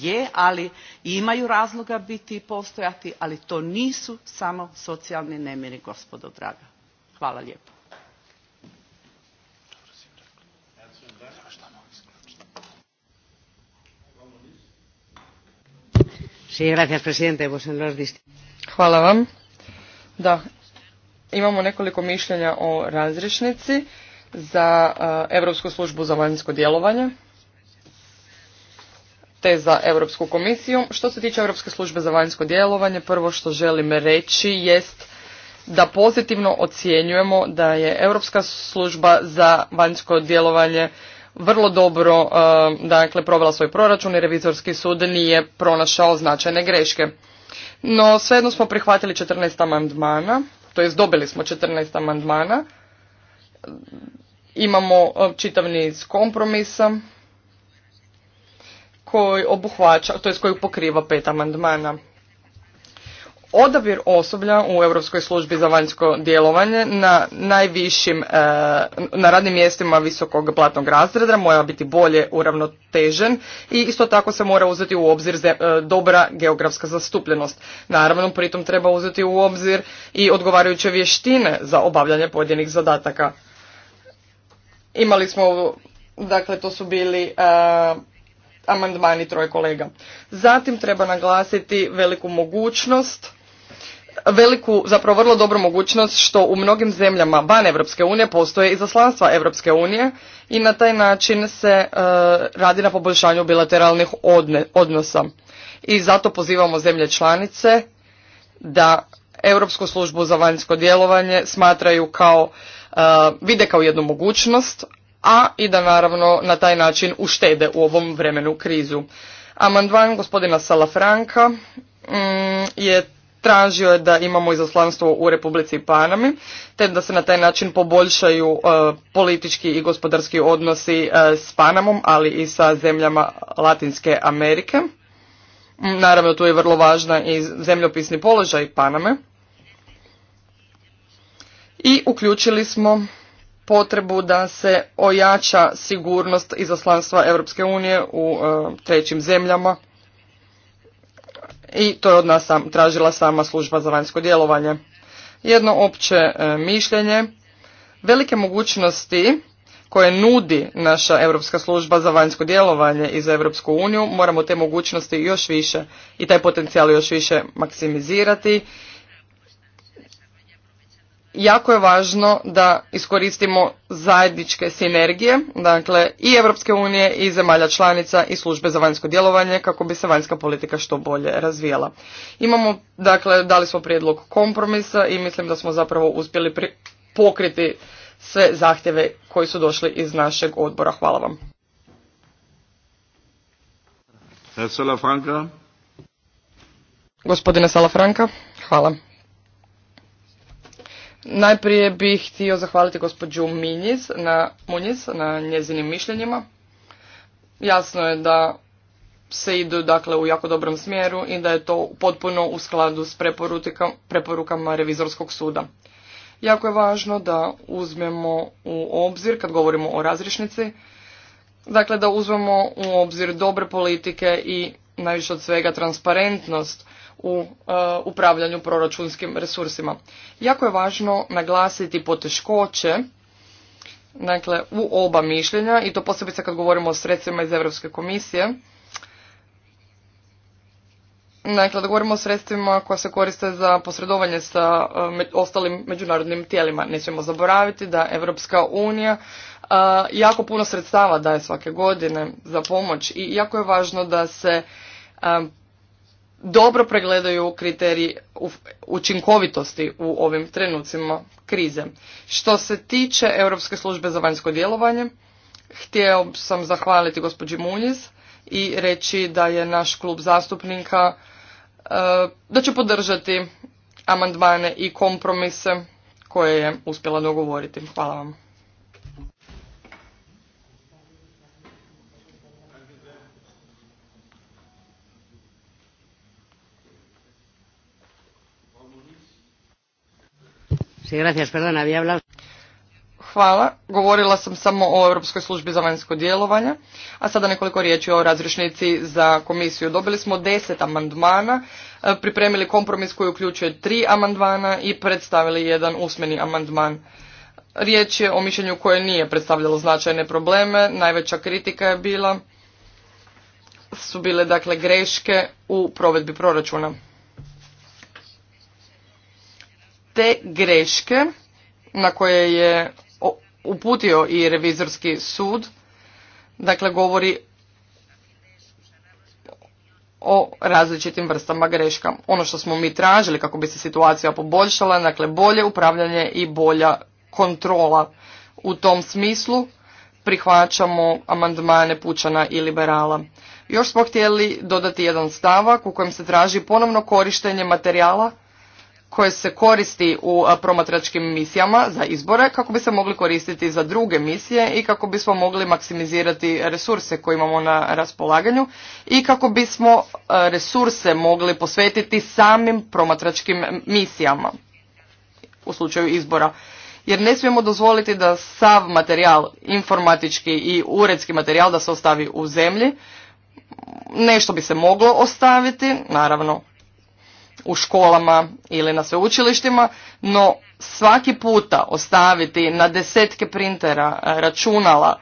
je, ali imaju razloga biti i postojati ali to nisu samo socijalni nemiri gospodo draga hvala lijepo gracias, presidente en los Hvala vam. Da, imamo nekoliko mišljenja o razrješnici za Europsku službu za vanjsko djelovanje te za Europsku komisiju. Što se tiče Europske službe za vanjsko djelovanje, prvo što želim reći jest da pozitivno ocjenjujemo da je Europska služba za vanjsko djelovanje vrlo dobro dakle, provela svoj proračun i revizorski sud nije pronašao značajne greške. No, svejedno smo prihvatili 14 amandmana, to jest dobili smo 14 amandmana. Imamo e, čitav niz kompromisa koji obuhvaća, to jest koji pokriva pet amandmana. Odabir osoblja u Europskoj službi za vanjsko djelovanje na najvišim, e, na radnim mjestima visokog platnog razreda mora biti bolje uravnotežen i isto tako se mora uzeti u obzir e, dobra geografska zastupljenost. Naravno, pritom treba uzeti u obzir i odgovarajuće vještine za obavljanje pojedinih zadataka. Imali smo, dakle, to su bili e, amandmani troje kolega. Zatim treba naglasiti veliku mogućnost veliku, zapravo vrlo dobru mogućnost što u mnogim zemljama van Europske unije postoje izaslanstva Europske unije i na taj način se e, radi na poboljšanju bilateralnih odnosa. I zato pozivamo zemlje članice da Europsku službu za vanjsko djelovanje smatraju kao, e, vide kao jednu mogućnost, a i da naravno na taj način uštede u ovom vremenu krizu. Amandman gospodina Salafranka mm, je tražio je da imamo izaslanstvo u Republici Panami, te da se na taj način poboljšaju e, politički i gospodarski odnosi e, s Panamom, ali i sa zemljama Latinske Amerike. Naravno, tu je vrlo važna i zemljopisni položaj Paname. I uključili smo potrebu da se ojača sigurnost izaslanstva Europske unije u e, trećim zemljama i to je od nas sam, tražila sama služba za vanjsko djelovanje. Jedno opće e, mišljenje, velike mogućnosti koje nudi naša Europska služba za vanjsko djelovanje i za Europsku uniju, moramo te mogućnosti još više i taj potencijal još više maksimizirati jako je važno da iskoristimo zajedničke sinergije, dakle i Europske unije i zemalja članica i službe za vanjsko djelovanje kako bi se vanjska politika što bolje razvijela. Imamo, dakle, dali smo prijedlog kompromisa i mislim da smo zapravo uspjeli pokriti sve zahtjeve koji su došli iz našeg odbora. Hvala vam. Gospodine Salafranka, hvala. Najprije bih htio zahvaliti gospođu na, Munjiz na njezinim mišljenjima. Jasno je da se idu dakle u jako dobrom smjeru i da je to potpuno u skladu s preporukama revizorskog suda. Jako je važno da uzmemo u obzir, kad govorimo o razrišnici, dakle da uzmemo u obzir dobre politike i najviše od svega transparentnost u e, upravljanju proračunskim resursima. Jako je važno naglasiti poteškoće dakle, u oba mišljenja i to posebice kad govorimo o sredstvima iz Europske komisije. Dakle, da govorimo o sredstvima koja se koriste za posredovanje sa e, ostalim međunarodnim tijelima. Nećemo zaboraviti da Europska unija e, jako puno sredstava daje svake godine za pomoć i jako je važno da se dobro pregledaju kriteriji učinkovitosti u ovim trenucima krize. Što se tiče Europske službe za vanjsko djelovanje, htio sam zahvaliti gospođi Muljiz i reći da je naš klub zastupnika e, da će podržati amandmane i kompromise koje je uspjela dogovoriti. Hvala vam. Hvala. Govorila sam samo o Europskoj službi za vanjsko djelovanje, a sada nekoliko riječi o razrišnici za komisiju. Dobili smo deset amandmana, e, pripremili kompromis koji uključuje tri amandmana i predstavili jedan usmeni amandman. Riječ je o mišljenju koje nije predstavljalo značajne probleme, najveća kritika je bila, su bile dakle greške u provedbi proračuna. te greške na koje je uputio i revizorski sud, dakle govori o različitim vrstama greška. Ono što smo mi tražili kako bi se situacija poboljšala, dakle bolje upravljanje i bolja kontrola. U tom smislu prihvaćamo amandmane pučana i liberala. Još smo htjeli dodati jedan stavak u kojem se traži ponovno korištenje materijala koje se koristi u promatračkim misijama za izbore kako bi se mogli koristiti za druge misije i kako bismo mogli maksimizirati resurse koje imamo na raspolaganju i kako bismo resurse mogli posvetiti samim promatračkim misijama u slučaju izbora. Jer ne smijemo dozvoliti da sav materijal, informatički i uredski materijal da se ostavi u zemlji. Nešto bi se moglo ostaviti, naravno u školama ili na sveučilištima, no svaki puta ostaviti na desetke printera, e, računala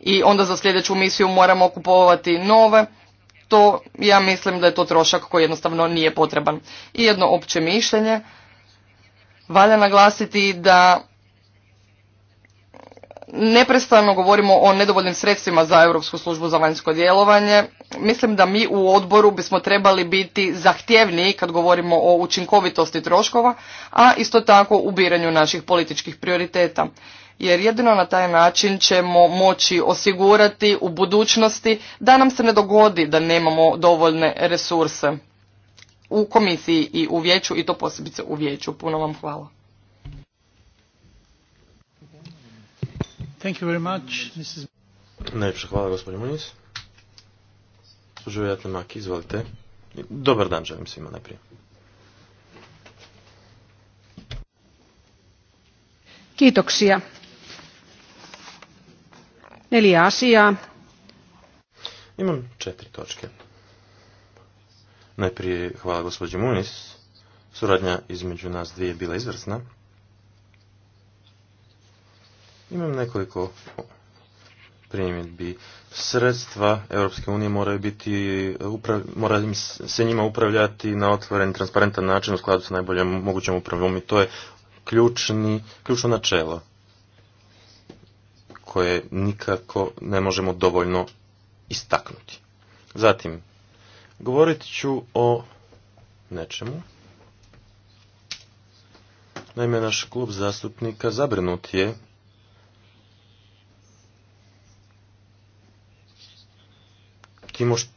i onda za sljedeću misiju moramo kupovati nove, to ja mislim da je to trošak koji jednostavno nije potreban. I jedno opće mišljenje, valja naglasiti da neprestano govorimo o nedovoljnim sredstvima za Europsku službu za vanjsko djelovanje. Mislim da mi u odboru bismo trebali biti zahtjevniji kad govorimo o učinkovitosti troškova, a isto tako u biranju naših političkih prioriteta. Jer jedino na taj način ćemo moći osigurati u budućnosti da nam se ne dogodi da nemamo dovoljne resurse u komisiji i u vijeću i to posebice u vijeću. Puno vam hvala. Thank you very much, Mrs. hvala, gospodin Muniz. Suživjatne Maki, izvolite. Dobar dan želim svima najprije. Kiitoksia. Neljä asiaa. Imam četiri točke. Najprije hvala gospođi Munis. Suradnja između nas dvije je bila izvrsna. Imam nekoliko primjedbi. Sredstva Europske unije moraju biti, mora se njima upravljati na otvoren, transparentan način u skladu sa najboljom mogućom upravljom i to je ključni, ključno načelo koje nikako ne možemo dovoljno istaknuti. Zatim, govorit ću o nečemu. Naime, naš klub zastupnika zabrinut je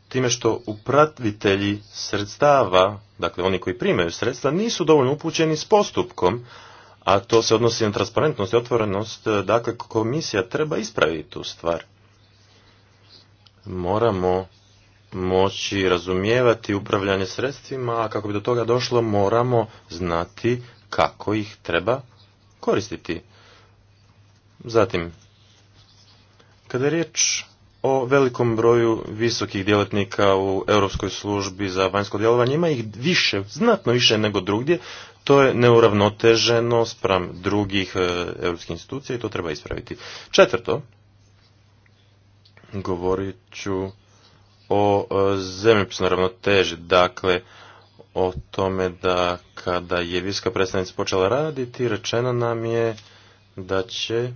time što upravitelji sredstava, dakle oni koji primaju sredstva, nisu dovoljno upućeni s postupkom, a to se odnosi na transparentnost i otvorenost, e, dakle komisija treba ispraviti tu stvar. Moramo moći razumijevati upravljanje sredstvima, a kako bi do toga došlo moramo znati kako ih treba koristiti. Zatim, kada je riječ o velikom broju visokih djelatnika u Europskoj službi za vanjsko djelovanje. Ima ih više, znatno više nego drugdje. To je neuravnoteženo spram drugih e, europskih institucija i to treba ispraviti. Četvrto, govorit ću o e, zemljopisnoj ravnoteži, dakle o tome da kada je viska predstavnica počela raditi, rečeno nam je da će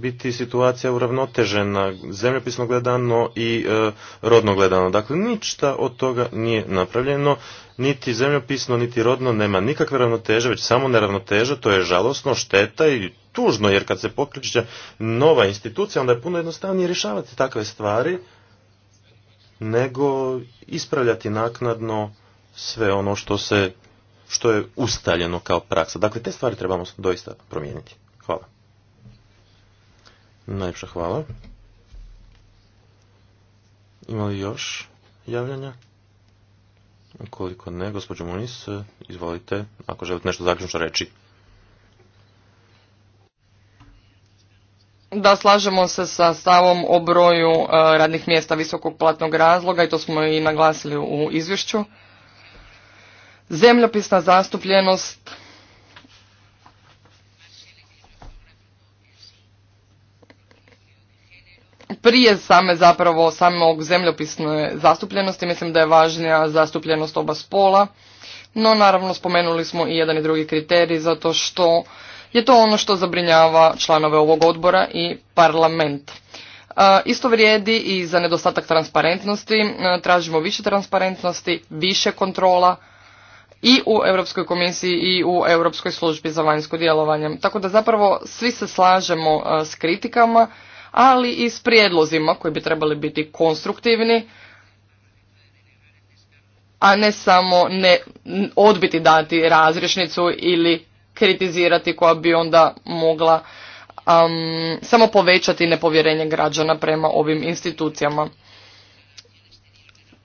biti situacija uravnotežena, zemljopisno gledano i e, rodno gledano. Dakle, ništa od toga nije napravljeno, niti zemljopisno, niti rodno nema nikakve ravnoteže, već samo neravnoteže, to je žalosno, šteta i tužno, jer kad se pokriče nova institucija, onda je puno jednostavnije rješavati takve stvari, nego ispravljati naknadno sve ono što se što je ustaljeno kao praksa. Dakle, te stvari trebamo doista promijeniti. Hvala. Najpša hvala. Ima još javljanja? Ukoliko ne, gospođo Munis, izvolite, ako želite nešto zaključno reći. Da, slažemo se sa stavom o broju e, radnih mjesta visokog platnog razloga i to smo i naglasili u izvješću. Zemljopisna zastupljenost prije same zapravo samog zemljopisne zastupljenosti, mislim da je važnija zastupljenost oba spola, no naravno spomenuli smo i jedan i drugi kriterij zato što je to ono što zabrinjava članove ovog odbora i parlament. E, isto vrijedi i za nedostatak transparentnosti, e, tražimo više transparentnosti, više kontrola i u Europskoj komisiji i u Europskoj službi za vanjsko djelovanje. Tako da zapravo svi se slažemo e, s kritikama, ali i s prijedlozima koji bi trebali biti konstruktivni, a ne samo ne odbiti dati razrješnicu ili kritizirati koja bi onda mogla samo povećati nepovjerenje građana prema ovim institucijama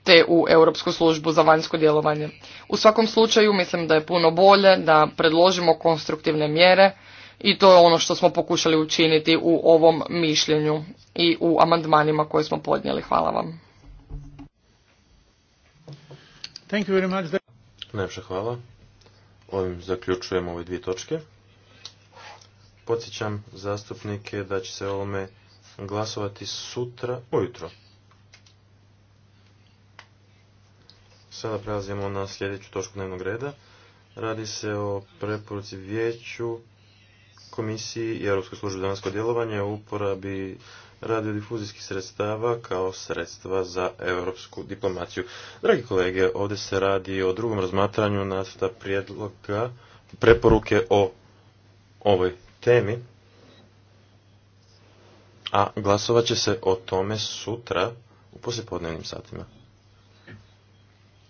te u Europsku službu za vanjsko djelovanje. U svakom slučaju mislim da je puno bolje da predložimo konstruktivne mjere i to je ono što smo pokušali učiniti u ovom mišljenju i u amandmanima koje smo podnijeli. Hvala vam. Thank hvala. Ovim zaključujemo ove dvije točke. Podsjećam zastupnike da će se ovome glasovati sutra ujutro. Sada prelazimo na sljedeću točku dnevnog reda. Radi se o preporuci vijeću komisiji i Europskoj službi vanjsko djelovanje o uporabi radiodifuzijskih sredstava kao sredstva za europsku diplomaciju. Dragi kolege, ovdje se radi o drugom razmatranju nasta prijedloga preporuke o ovoj temi, a glasovat će se o tome sutra u poslijepodnevnim satima.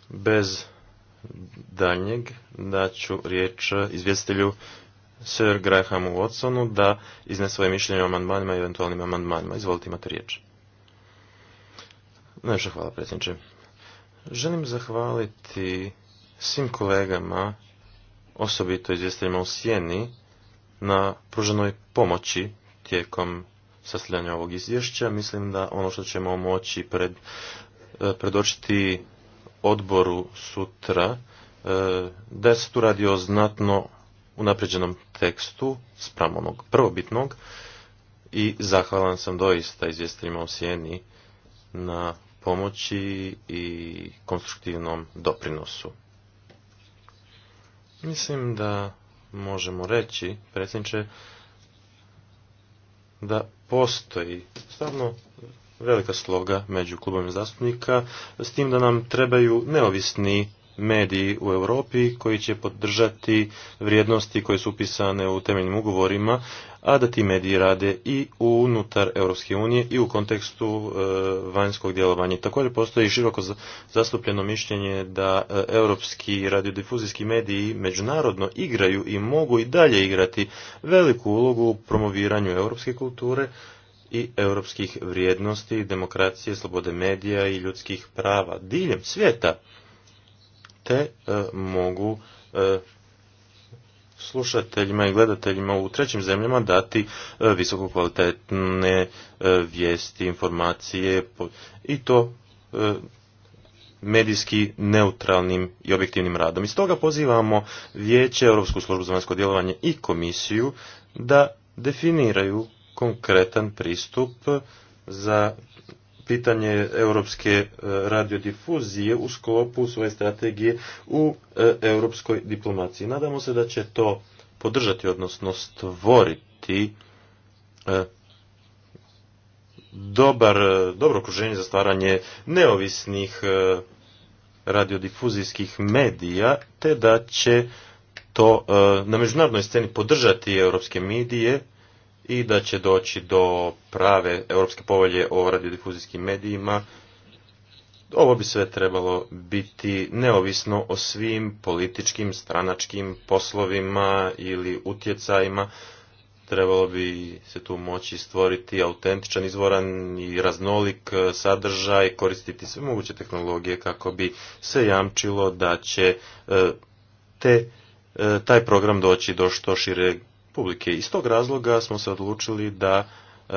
Bez daljnjeg daću riječ izvjestitelju Sir Grahamu Watsonu da izne svoje mišljenje o amandmanima i eventualnim amandmanima. Izvolite, imate riječ. Najviše hvala, predsjedniče. Želim zahvaliti svim kolegama, osobito izvjestiteljima u Sjeni, na pruženoj pomoći tijekom sastavljanja ovog izvješća. Mislim da ono što ćemo moći pred, e, predočiti odboru sutra, e, da se tu radi o znatno u napređenom tekstu spram onog prvobitnog i zahvalan sam doista izvjestiteljima u Sjeni na pomoći i konstruktivnom doprinosu. Mislim da možemo reći, predsjedniče, da postoji stvarno velika sloga među klubom zastupnika, s tim da nam trebaju neovisni mediji u Europi koji će podržati vrijednosti koje su upisane u temeljnim ugovorima, a da ti mediji rade i unutar Europske unije i u kontekstu e, vanjskog djelovanja. Također postoji široko zastupljeno mišljenje da e, europski radiodifuzijski mediji međunarodno igraju i mogu i dalje igrati veliku ulogu u promoviranju europske kulture i europskih vrijednosti, demokracije, slobode medija i ljudskih prava diljem svijeta te e, mogu e, slušateljima i gledateljima u trećim zemljama dati e, visoko kvalitetne vijesti, informacije i to medijski neutralnim i objektivnim radom. Iz toga pozivamo Vijeće, Europsku službu za vanjsko djelovanje i komisiju da definiraju konkretan pristup za pitanje europske e, radiodifuzije u sklopu svoje strategije u e, europskoj diplomaciji. Nadamo se da će to podržati, odnosno stvoriti e, dobar, dobro okruženje za stvaranje neovisnih radiodifuzijskih medija, te da će to na međunarodnoj sceni podržati europske medije i da će doći do prave europske povelje o radiodifuzijskim medijima. Ovo bi sve trebalo biti neovisno o svim političkim, stranačkim poslovima ili utjecajima. Trebalo bi se tu moći stvoriti autentičan, izvoran i raznolik sadržaj, koristiti sve moguće tehnologije kako bi se jamčilo da će e, te, e, taj program doći do što šireg publike. Iz tog razloga smo se odlučili da e,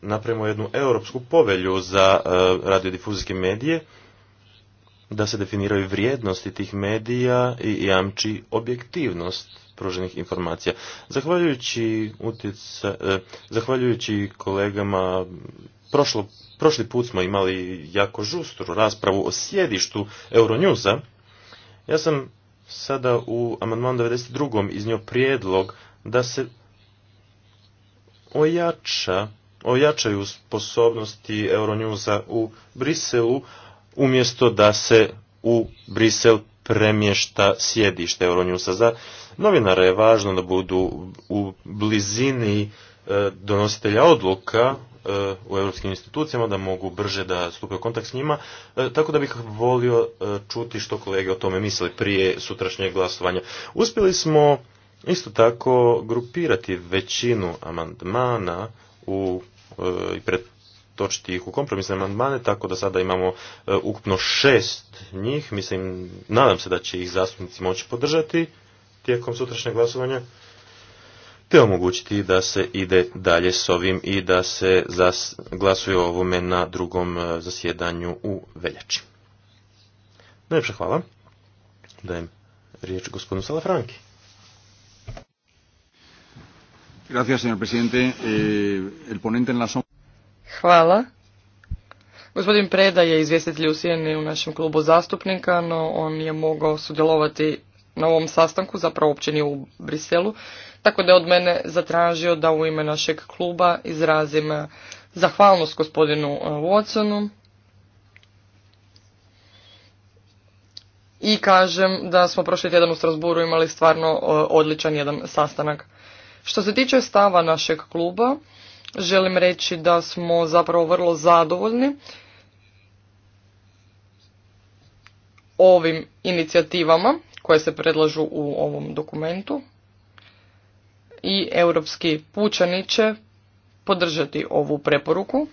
napravimo jednu europsku povelju za e, radiodifuzijske medije, da se definiraju vrijednosti tih medija i jamči objektivnost pruženih informacija. Zahvaljujući, e, zahvaljujući kolegama prošli put smo imali jako žustru raspravu o sjedištu Euronewsa. Ja sam sada u amandmanu 92. iznio prijedlog da se ojača, ojačaju sposobnosti Euronewsa u Briselu umjesto da se u Brisel premješta sjedište Euronewsa. Za novinara je važno da budu u blizini e, donositelja odluka e, u europskim institucijama, da mogu brže da stupe u kontakt s njima, e, tako da bih volio čuti što kolege o tome misle prije sutrašnjeg glasovanja. Uspjeli smo isto tako grupirati većinu amandmana u, e, i pretočiti ih u kompromisne amandmane, tako da sada imamo e, ukupno šest njih. Mislim, nadam se da će ih zastupnici moći podržati tijekom sutrašnjeg glasovanja te omogućiti da se ide dalje s ovim i da se glasuje o ovome na drugom e, zasjedanju u veljači. Najljepša hvala. Dajem riječ gospodinu Salafranki. Eh, Hvala. Gospodin Preda je izvjestitelj u Sijeni u našem klubu zastupnika, no on je mogao sudjelovati na ovom sastanku, zapravo uopće nije u Briselu, tako da je od mene zatražio da u ime našeg kluba izrazim eh, zahvalnost gospodinu eh, Watsonu i kažem da smo prošli tjedan u Strasburu imali stvarno odličan jedan sastanak. Što se tiče stava našeg kluba, želim reći da smo zapravo vrlo zadovoljni ovim inicijativama koje se predlažu u ovom dokumentu i europski pučani će podržati ovu preporuku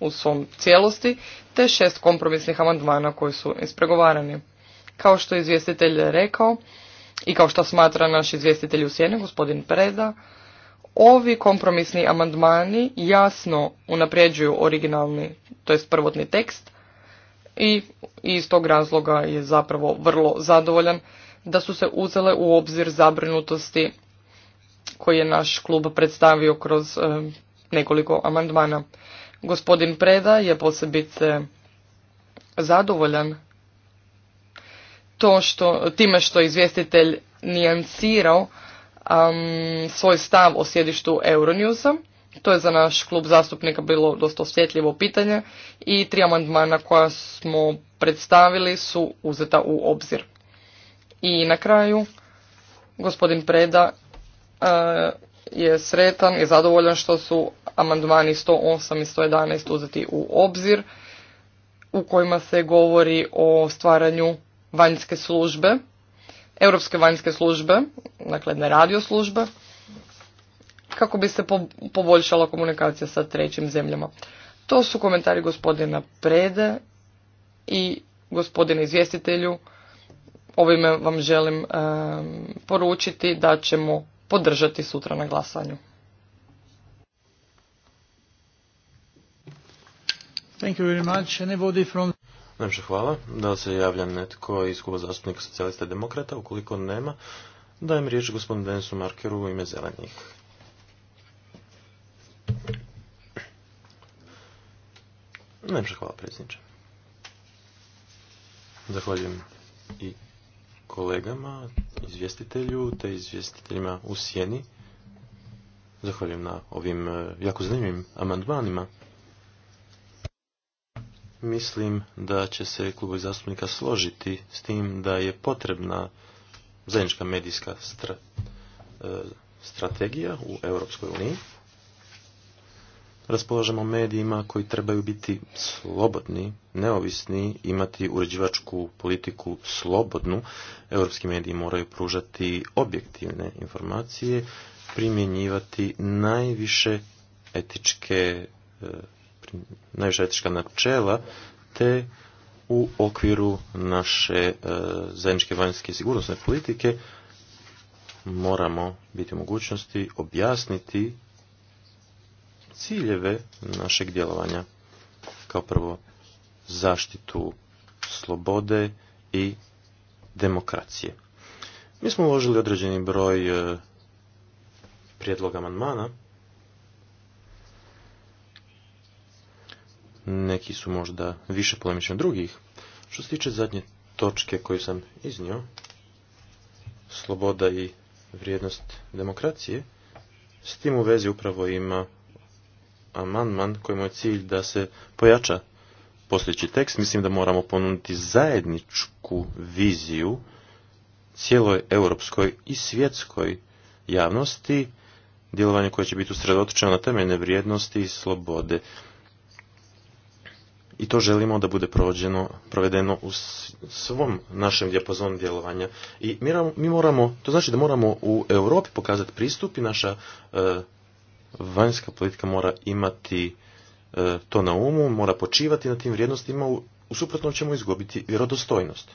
u svom cijelosti te šest kompromisnih amandmana koji su ispregovarani. Kao što je izvjestitelj rekao i kao što smatra naš izvjestitelj u sjeni, gospodin Preda, Ovi kompromisni amandmani jasno unapređuju originalni, to jest prvotni tekst i iz tog razloga je zapravo vrlo zadovoljan da su se uzele u obzir zabrinutosti koji je naš klub predstavio kroz e, nekoliko amandmana. Gospodin Preda je posebice zadovoljan to što, time što izvjestitelj nijansirao um, svoj stav o sjedištu Euronewsa. To je za naš klub zastupnika bilo dosta osjetljivo pitanje i tri amandmana koja smo predstavili su uzeta u obzir. I na kraju, gospodin Preda e, je sretan i zadovoljan što su amandmani 108 i 111 uzeti u obzir u kojima se govori o stvaranju vanjske službe Europske vanjske službe, dakle ne radio službe, kako bi se poboljšala komunikacija sa trećim zemljama. To su komentari gospodina Prede i gospodine izvjestitelju. Ovime vam želim e, poručiti da ćemo podržati sutra na glasanju. Thank you very much. Najviše hvala. Da li se javlja netko iz kluba zastupnika socijalista i demokrata? Ukoliko nema, dajem riječ gospodinu Denisu Markeru u ime zelenih. Najviše hvala, predsjedniče. Zahvaljujem i kolegama, izvjestitelju te izvjestiteljima u sjeni. Zahvaljujem na ovim eh, jako zanimljivim amandmanima. Mislim da će se klubovi zastupnika složiti s tim da je potrebna zajednička medijska e, strategija u Europskoj uniji. Raspolažemo medijima koji trebaju biti slobodni, neovisni, imati uređivačku politiku slobodnu. Europski mediji moraju pružati objektivne informacije, primjenjivati najviše etičke e, najviša etička načela, te u okviru naše e, zajedničke vanjske sigurnosne politike moramo biti u mogućnosti objasniti ciljeve našeg djelovanja. Kao prvo, zaštitu slobode i demokracije. Mi smo uložili određeni broj e, prijedloga amandmana neki su možda više polemični od drugih. Što se tiče zadnje točke koju sam iznio, sloboda i vrijednost demokracije, s tim u vezi upravo ima amandman kojemu je cilj da se pojača postojeći tekst. Mislim da moramo ponuditi zajedničku viziju cijeloj europskoj i svjetskoj javnosti, djelovanje koje će biti usredotočeno na temeljne vrijednosti i slobode i to želimo da bude provođeno, provedeno u svom našem dijapazonu djelovanja. I mi, mi moramo, to znači da moramo u Europi pokazati pristup i naša e, vanjska politika mora imati e, to na umu, mora počivati na tim vrijednostima, u, u suprotnom ćemo izgubiti vjerodostojnost.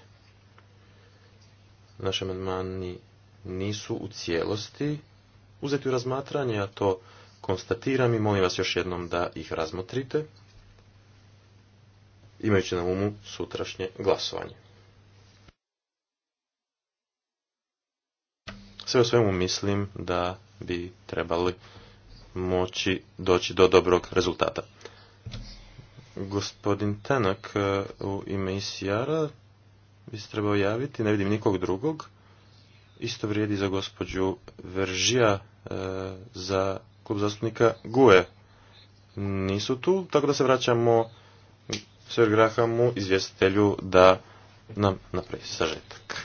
Naše amandmani nisu u cijelosti uzeti u razmatranje, a to konstatiram i molim vas još jednom da ih razmotrite imajući na umu sutrašnje glasovanje. Sve u svemu mislim da bi trebali moći doći do dobrog rezultata. Gospodin Tanak e, u ime ICR-a bi se trebao javiti, ne vidim nikog drugog. Isto vrijedi za gospođu Veržija e, za klub zastupnika GUE. Nisu tu, tako da se vraćamo Sir Grahamu, izvjestitelju, da nam napravi sažetak.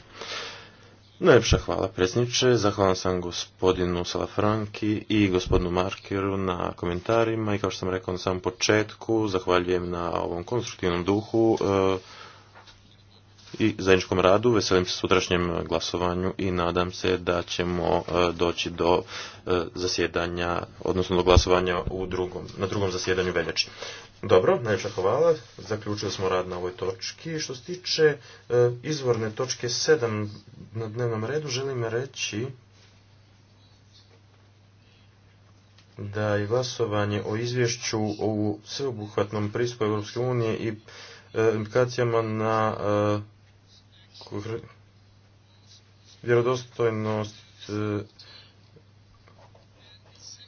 Najljepša hvala predsjedniče, zahvalan sam gospodinu Salafranki i gospodinu Markeru na komentarima i kao što sam rekao na samom početku, zahvaljujem na ovom konstruktivnom duhu. E, i zajedničkom radu. Veselim se sutrašnjem glasovanju i nadam se da ćemo e, doći do e, zasjedanja, odnosno do glasovanja u drugom, na drugom zasjedanju veljači. Dobro, najveća hvala. Zaključili smo rad na ovoj točki. Što se tiče e, izvorne točke 7 na dnevnom redu, želim reći da je glasovanje o izvješću o sveobuhvatnom pristupu Europske unije i implikacijama na vjerodostojnost e,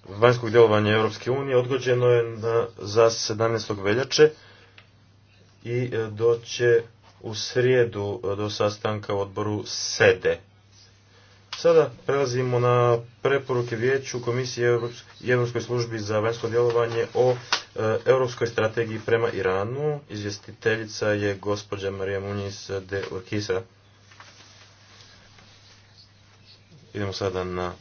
vanjskog djelovanja Europske unije odgođeno je za 17. veljače i e, doće u srijedu e, do sastanka u odboru SEDE. Sada prelazimo na preporuke vijeću Komisije i Europskoj službi za vanjsko djelovanje o E, europskoj strategiji prema Iranu. Izvjestiteljica je gospođa Marija Muniz de Urquiza. Idemo sada na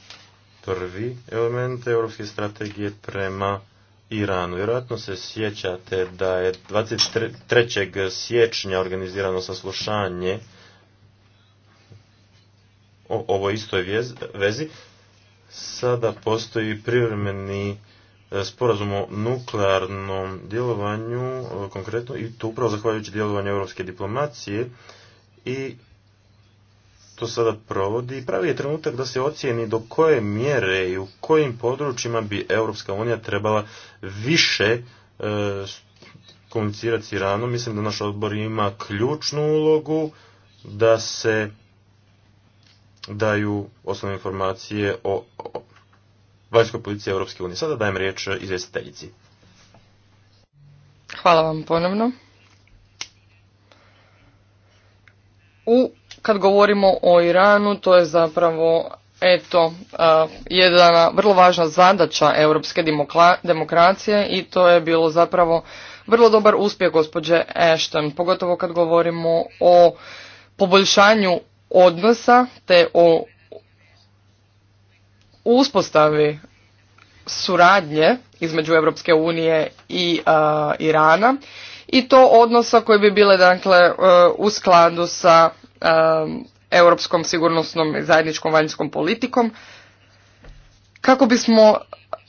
prvi element europske strategije prema Iranu. Vjerojatno se sjećate da je 23. siječnja organizirano saslušanje o ovoj istoj vezi. Sada postoji privremeni E, sporazum o nuklearnom djelovanju e, konkretno i to upravo zahvaljujući djelovanju europske diplomacije i to sada provodi. Pravi je trenutak da se ocijeni do koje mjere i u kojim područjima bi Europska unija trebala više e, komunicirati s Iranom. Mislim da naš odbor ima ključnu ulogu da se daju osnovne informacije o vanjskoj politici Europske unije. Sada dajem riječ izvjestiteljici. Hvala vam ponovno. U, kad govorimo o Iranu, to je zapravo eto, jedna vrlo važna zadaća europske demokracije i to je bilo zapravo vrlo dobar uspjeh gospođe Ashton, pogotovo kad govorimo o poboljšanju odnosa te o uspostavi suradnje između Europske unije i Irana i to odnosa koji bi bile dakle e, u skladu sa e, europskom sigurnosnom i zajedničkom vanjskom politikom kako bismo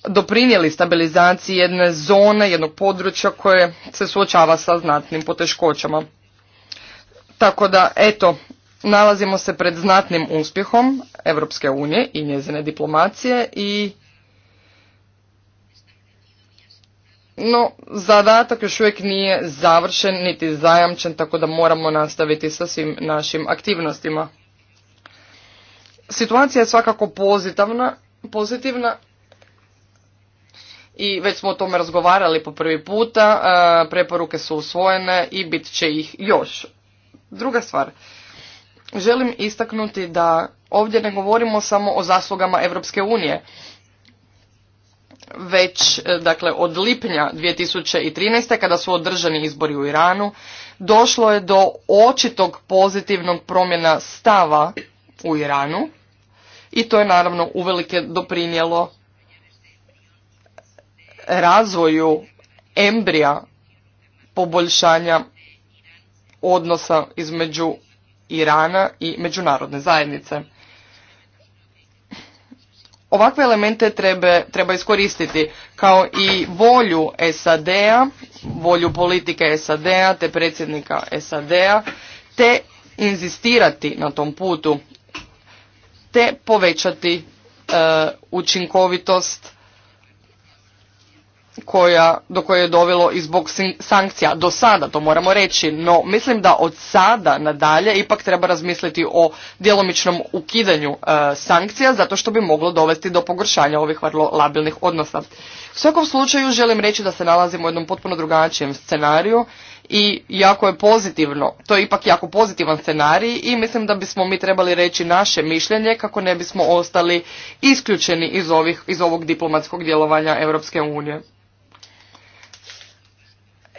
doprinijeli stabilizaciji jedne zone, jednog područja koje se suočava sa znatnim poteškoćama. Tako da, eto, Nalazimo se pred znatnim uspjehom Europske unije i njezine diplomacije i no zadatak još uvijek nije završen niti zajamčen tako da moramo nastaviti sa svim našim aktivnostima. Situacija je svakako pozitivna, pozitivna i već smo o tome razgovarali po prvi puta, preporuke su usvojene i bit će ih još. Druga stvar, želim istaknuti da ovdje ne govorimo samo o zaslugama Europske unije, već e, dakle od lipnja 2013. kada su održani izbori u Iranu, došlo je do očitog pozitivnog promjena stava u Iranu i to je naravno uvelike doprinijelo razvoju embrija poboljšanja odnosa između Irana i međunarodne zajednice. Ovakve elemente treba, treba iskoristiti kao i volju SAD-a, volju politike SAD-a te predsjednika SAD-a te inzistirati na tom putu te povećati e, učinkovitost koja, do koje je dovelo i zbog sankcija do sada, to moramo reći, no mislim da od sada nadalje ipak treba razmisliti o djelomičnom ukidanju e, sankcija zato što bi moglo dovesti do pogoršanja ovih vrlo labilnih odnosa. U svakom slučaju želim reći da se nalazimo u jednom potpuno drugačijem scenariju i jako je pozitivno, to je ipak jako pozitivan scenarij i mislim da bismo mi trebali reći naše mišljenje kako ne bismo ostali isključeni iz, ovih, iz ovog diplomatskog djelovanja Europske unije.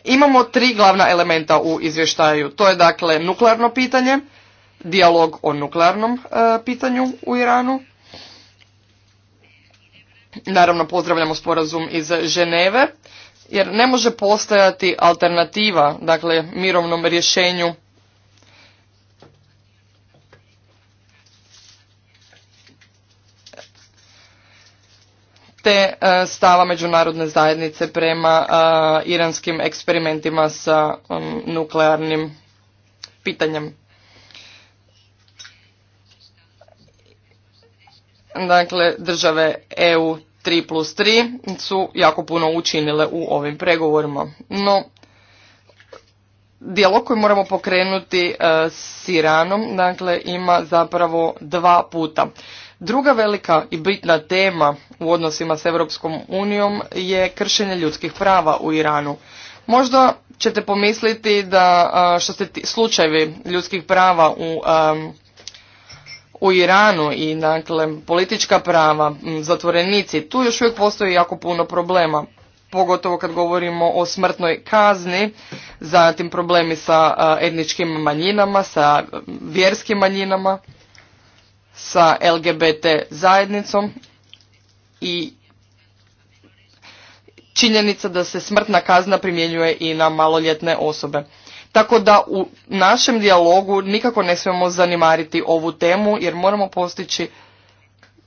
Imamo tri glavna elementa u izvještaju. To je dakle nuklearno pitanje, dijalog o nuklearnom e, pitanju u Iranu. Naravno pozdravljamo sporazum iz Ženeve jer ne može postojati alternativa, dakle mirovnom rješenju te e, stava međunarodne zajednice prema e, iranskim eksperimentima sa um, nuklearnim pitanjem. Dakle, države EU 3 plus 3 su jako puno učinile u ovim pregovorima. No, dijalog koji moramo pokrenuti e, s Iranom, dakle, ima zapravo dva puta. Druga velika i bitna tema u odnosima s Europskom unijom je kršenje ljudskih prava u Iranu. Možda ćete pomisliti da što se slučajevi ljudskih prava u, u Iranu i dakle politička prava, zatvorenici, tu još uvijek postoji jako puno problema. Pogotovo kad govorimo o smrtnoj kazni, zatim problemi sa etničkim manjinama, sa vjerskim manjinama sa LGBT zajednicom i činjenica da se smrtna kazna primjenjuje i na maloljetne osobe. Tako da u našem dijalogu nikako ne smijemo zanimariti ovu temu jer moramo postići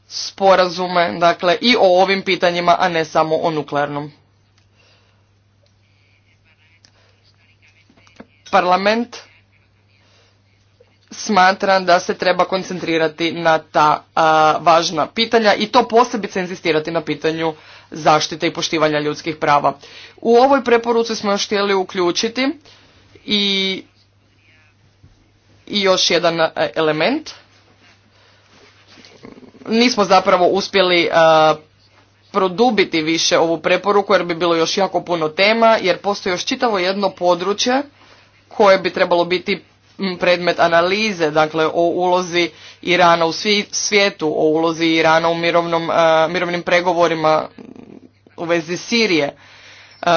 sporazume dakle, i o ovim pitanjima, a ne samo o nuklearnom. Parlament smatram da se treba koncentrirati na ta važna pitanja i to posebice insistirati na pitanju zaštite i poštivanja ljudskih prava. U ovoj preporuci smo još htjeli uključiti i, i još jedan e, element. Nismo zapravo uspjeli produbiti više ovu preporuku jer bi bilo još jako puno tema jer postoji još čitavo jedno područje koje bi trebalo biti predmet analize, dakle o ulozi Irana u svijetu, o ulozi Irana u mirovnom, e, mirovnim pregovorima u vezi Sirije,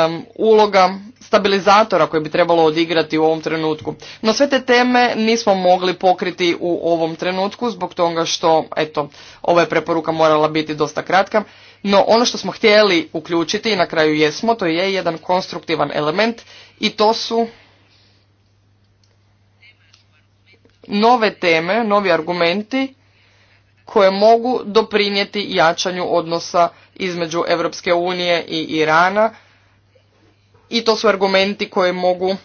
um, uloga stabilizatora koje bi trebalo odigrati u ovom trenutku. No sve te teme nismo mogli pokriti u ovom trenutku zbog toga što, eto, ova je preporuka morala biti dosta kratka. No ono što smo htjeli uključiti i na kraju jesmo, to je jedan konstruktivan element i to su nove teme, novi argumenti koje mogu doprinijeti jačanju odnosa između Europske unije i Irana i to su argumenti koji mogu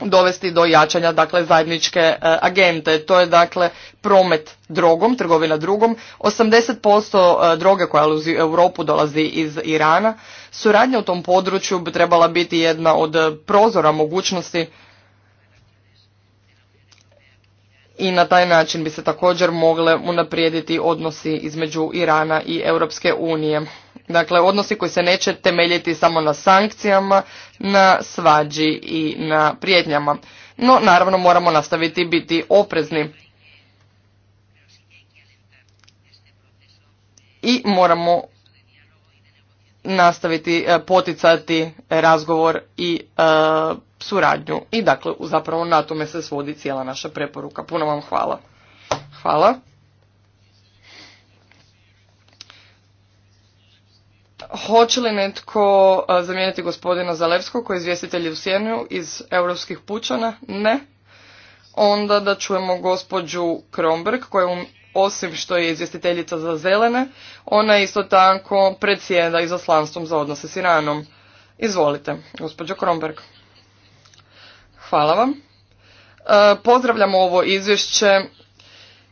dovesti do jačanja dakle zajedničke e, agente. To je dakle promet drogom, trgovina drugom. 80% e, droge koja u Europu dolazi iz Irana. Suradnja u tom području bi trebala biti jedna od e, prozora mogućnosti i na taj način bi se također mogle unaprijediti odnosi između Irana i Europske unije. Dakle, odnosi koji se neće temeljiti samo na sankcijama, na svađi i na prijetnjama. No, naravno, moramo nastaviti biti oprezni. I moramo nastaviti e, poticati razgovor i e, suradnju i dakle zapravo na tome se svodi cijela naša preporuka. Puno vam hvala. Hvala. Hoće li netko zamijeniti gospodina Zalevsko koji je izvjestitelj u Sjenu iz europskih pučana? Ne. Onda da čujemo gospođu Kromberg koja osim što je izvjestiteljica za zelene, ona isto tako predsjeda izaslanstvom za odnose s Iranom. Izvolite, gospođo Kromberg. Hvala vam. E, Pozdravljamo ovo izvješće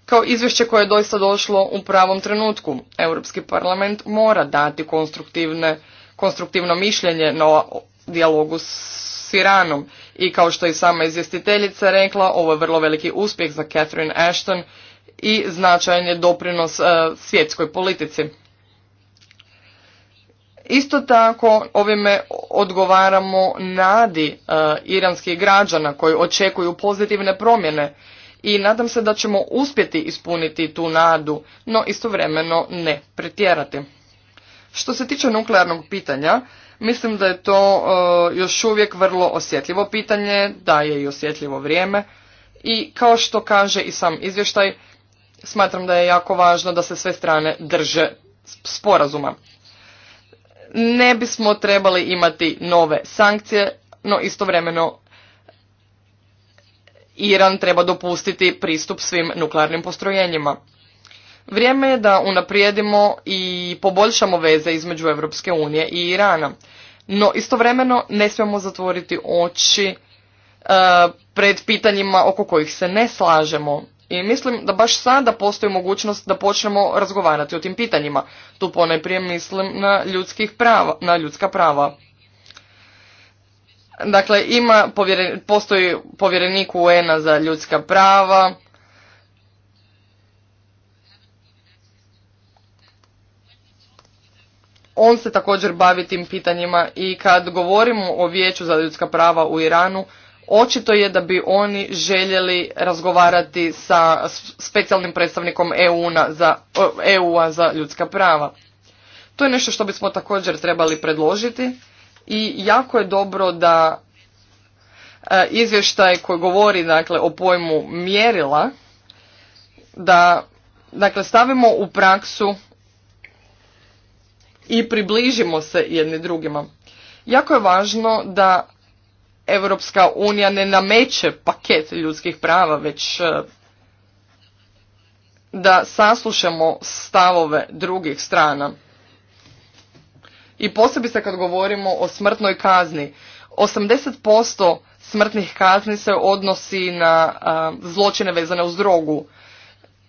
kao izvješće koje je doista došlo u pravom trenutku. Europski parlament mora dati konstruktivne, konstruktivno mišljenje na dijalogu s Iranom. I kao što je i sama izvjestiteljica rekla, ovo je vrlo veliki uspjeh za Catherine Ashton i značajan je doprinos e, svjetskoj politici. Isto tako ovime odgovaramo nadi e, iranskih građana koji očekuju pozitivne promjene i nadam se da ćemo uspjeti ispuniti tu nadu, no istovremeno ne pretjerati. Što se tiče nuklearnog pitanja, mislim da je to e, još uvijek vrlo osjetljivo pitanje, da je i osjetljivo vrijeme i kao što kaže i sam izvještaj, smatram da je jako važno da se sve strane drže sporazuma ne bismo trebali imati nove sankcije, no istovremeno Iran treba dopustiti pristup svim nuklearnim postrojenjima. Vrijeme je da unaprijedimo i poboljšamo veze između Europske unije i Irana. No istovremeno ne smijemo zatvoriti oči e, pred pitanjima oko kojih se ne slažemo. I mislim da baš sada postoji mogućnost da počnemo razgovarati o tim pitanjima. Tu ponajprije mislim na, ljudskih prava, na ljudska prava. Dakle, ima postoji povjerenik UN-a za ljudska prava. On se također bavi tim pitanjima i kad govorimo o vijeću za ljudska prava u Iranu, Očito je da bi oni željeli razgovarati sa specijalnim predstavnikom EU-a za, EU za ljudska prava. To je nešto što bismo također trebali predložiti i jako je dobro da e, izvještaj koji govori dakle, o pojmu mjerila, da dakle, stavimo u praksu i približimo se jedni drugima. Jako je važno da Europska unija ne nameće paket ljudskih prava, već e, da saslušamo stavove drugih strana. I se kad govorimo o smrtnoj kazni. 80% smrtnih kazni se odnosi na e, zločine vezane uz drogu.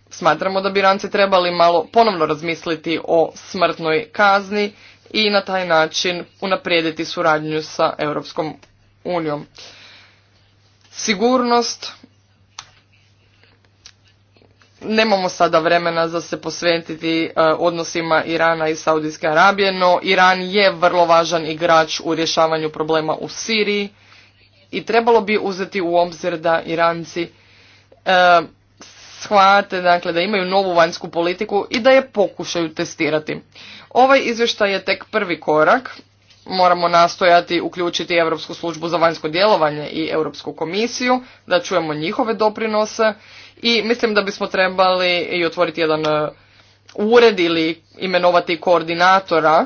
Smatramo da bi ranci trebali malo ponovno razmisliti o smrtnoj kazni i na taj način unaprijediti suradnju sa Europskom unijom. Sigurnost, nemamo sada vremena za se posvetiti e, odnosima Irana i Saudijske Arabije, no Iran je vrlo važan igrač u rješavanju problema u Siriji i trebalo bi uzeti u obzir da Iranci e, shvate dakle, da imaju novu vanjsku politiku i da je pokušaju testirati. Ovaj izvještaj je tek prvi korak moramo nastojati uključiti Europsku službu za vanjsko djelovanje i Europsku komisiju, da čujemo njihove doprinose i mislim da bismo trebali i otvoriti jedan e, ured ili imenovati koordinatora e,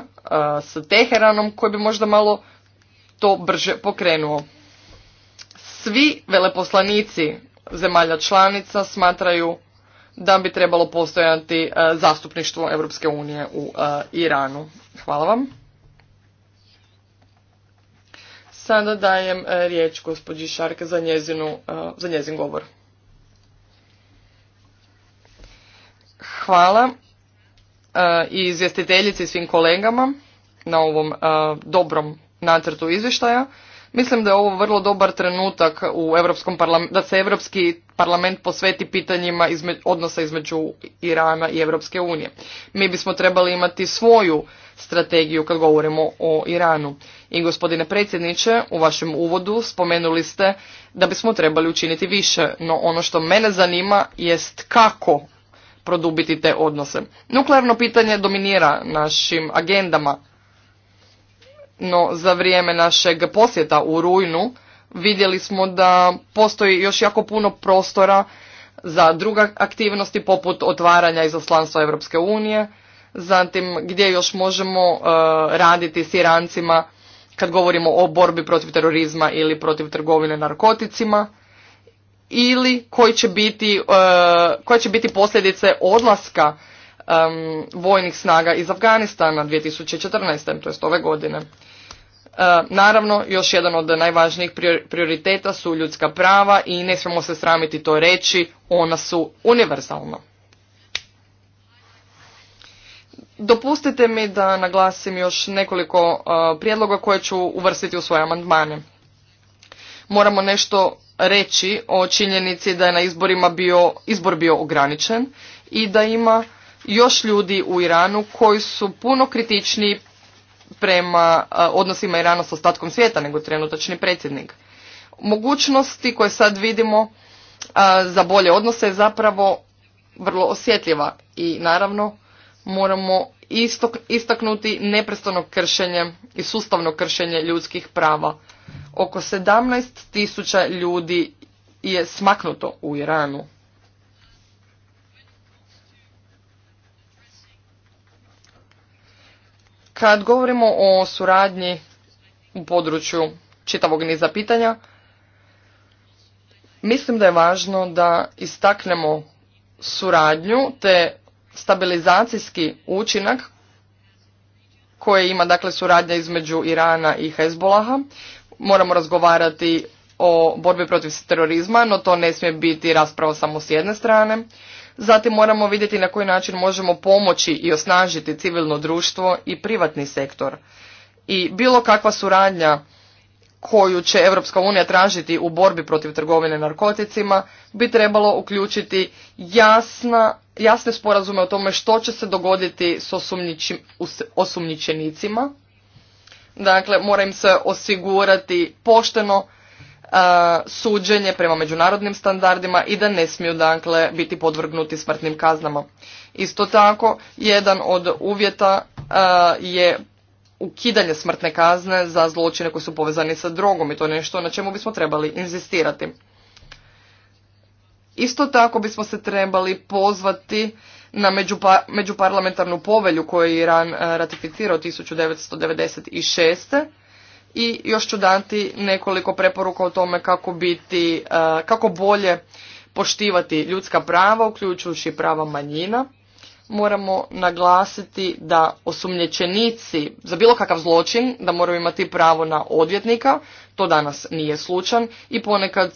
s Teheranom koji bi možda malo to brže pokrenuo. Svi veleposlanici zemalja članica smatraju da bi trebalo postojati e, zastupništvo Europske unije u Iranu. Hvala vam. Sada dajem e, riječ gospođi Šarke za, njezinu, e, za njezin govor. Hvala e, i izvjestiteljici svim kolegama na ovom dobrom nacrtu izvještaja. Mislim da je ovo vrlo dobar trenutak u da se Europski parlament posveti pitanjima odnosa između Irana i Europske unije. Mi bismo trebali imati svoju strategiju kad govorimo o Iranu. I gospodine predsjedniče, u vašem uvodu spomenuli ste da bismo trebali učiniti više, no ono što mene zanima jest kako produbiti te odnose. Nuklearno pitanje dominira našim agendama no, za vrijeme našeg posjeta u Rujnu vidjeli smo da postoji još jako puno prostora za druga aktivnosti poput otvaranja izaslanstva Europske unije, zatim gdje još možemo e, raditi s Irancima kad govorimo o borbi protiv terorizma ili protiv trgovine narkoticima ili koji će biti, e, koje će biti posljedice odlaska vojnih snaga iz Afganistana 2014. to jest ove godine. E, naravno, još jedan od najvažnijih prioriteta su ljudska prava i ne smijemo se sramiti to reći, ona su univerzalna. Dopustite mi da naglasim još nekoliko e, prijedloga koje ću uvrstiti u svoje amandmane. Moramo nešto reći o činjenici da je na izborima bio, izbor bio ograničen i da ima još ljudi u Iranu koji su puno kritičniji prema odnosima Irana s ostatkom svijeta, nego trenutačni predsjednik. Mogućnosti koje sad vidimo za bolje odnose je zapravo vrlo osjetljiva i naravno moramo istaknuti neprestano kršenje i sustavno kršenje ljudskih prava. Oko 17.000 ljudi je smaknuto u Iranu. Kad govorimo o suradnji u području čitavog niza pitanja, mislim da je važno da istaknemo suradnju te stabilizacijski učinak koje ima dakle suradnja između Irana i Hezbolaha. Moramo razgovarati o borbi protiv terorizma, no to ne smije biti rasprava samo s jedne strane. Zatim moramo vidjeti na koji način možemo pomoći i osnažiti civilno društvo i privatni sektor. I bilo kakva suradnja koju će Europska unija tražiti u borbi protiv trgovine narkoticima bi trebalo uključiti jasna, jasne sporazume o tome što će se dogoditi s osumnjičenicima. Dakle, mora im se osigurati pošteno suđenje prema međunarodnim standardima i da ne smiju dakle biti podvrgnuti smrtnim kaznama. Isto tako, jedan od uvjeta je ukidanje smrtne kazne za zločine koji su povezani sa drogom i to je nešto na čemu bismo trebali inzistirati. Isto tako bismo se trebali pozvati na međuparlamentarnu povelju koju je Iran ratificirao 1996 i još ću dati nekoliko preporuka o tome kako biti, e, kako bolje poštivati ljudska prava, uključujući prava manjina. Moramo naglasiti da osumnječenici za bilo kakav zločin, da moraju imati pravo na odvjetnika, to danas nije slučan i ponekad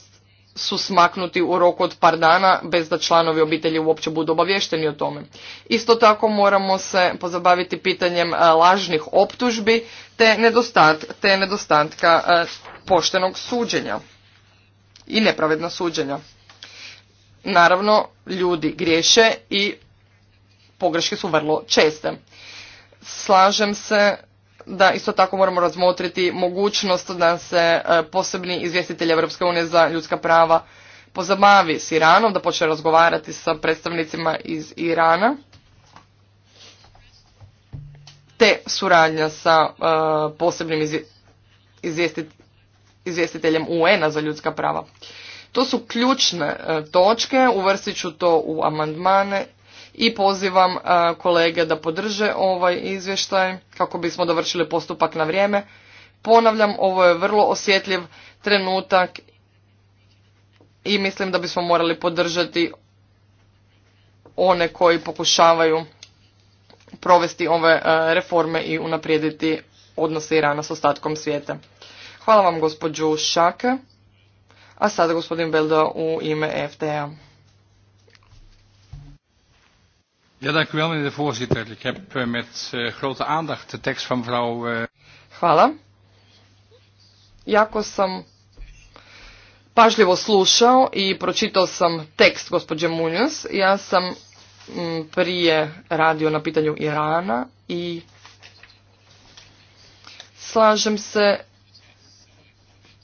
su smaknuti u roku od par dana bez da članovi obitelji uopće budu obavješteni o tome. Isto tako moramo se pozabaviti pitanjem e, lažnih optužbi te, nedostatka e, poštenog suđenja i nepravedna suđenja. Naravno, ljudi griješe i pogreške su vrlo česte. Slažem se da isto tako moramo razmotriti mogućnost da se e, posebni izvjestitelj Europske za ljudska prava pozabavi s Iranom, da počne razgovarati sa predstavnicima iz Irana, te suradnja sa e, posebnim izvjestiteljem UN-a za ljudska prava. To su ključne e, točke, uvrstit ću to u amandmane i pozivam e, kolege da podrže ovaj izvještaj kako bismo dovršili postupak na vrijeme. Ponavljam, ovo je vrlo osjetljiv trenutak i mislim da bismo morali podržati one koji pokušavaju provesti ove e, reforme i unaprijediti odnose Irana s ostatkom svijeta. Hvala vam gospođu Šake, a sada gospodin Belda u ime FTA. Ja, voorzitter. Ik heb eh, met eh, grote aandacht de tekst van mevrouw... Eh, Hvala. Jako sam pažljivo slušao i pročitao sam tekst gospođe Munjus. Ja sam mm, prije radio na pitanju Irana i slažem se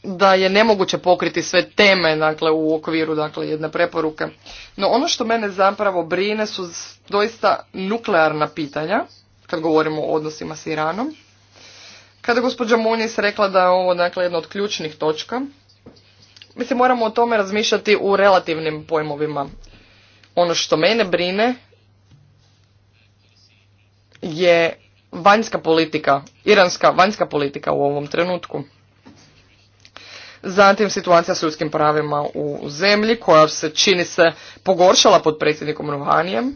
da je nemoguće pokriti sve teme dakle, u okviru dakle, jedne preporuke. No ono što mene zapravo brine su doista nuklearna pitanja, kad govorimo o odnosima s Iranom. Kada gospođa Munis rekla da je ovo dakle, jedna od ključnih točka, mislim moramo o tome razmišljati u relativnim pojmovima. Ono što mene brine je vanjska politika, iranska vanjska politika u ovom trenutku zatim situacija s ljudskim pravima u zemlji koja se čini se pogoršala pod predsjednikom Ruhanijem.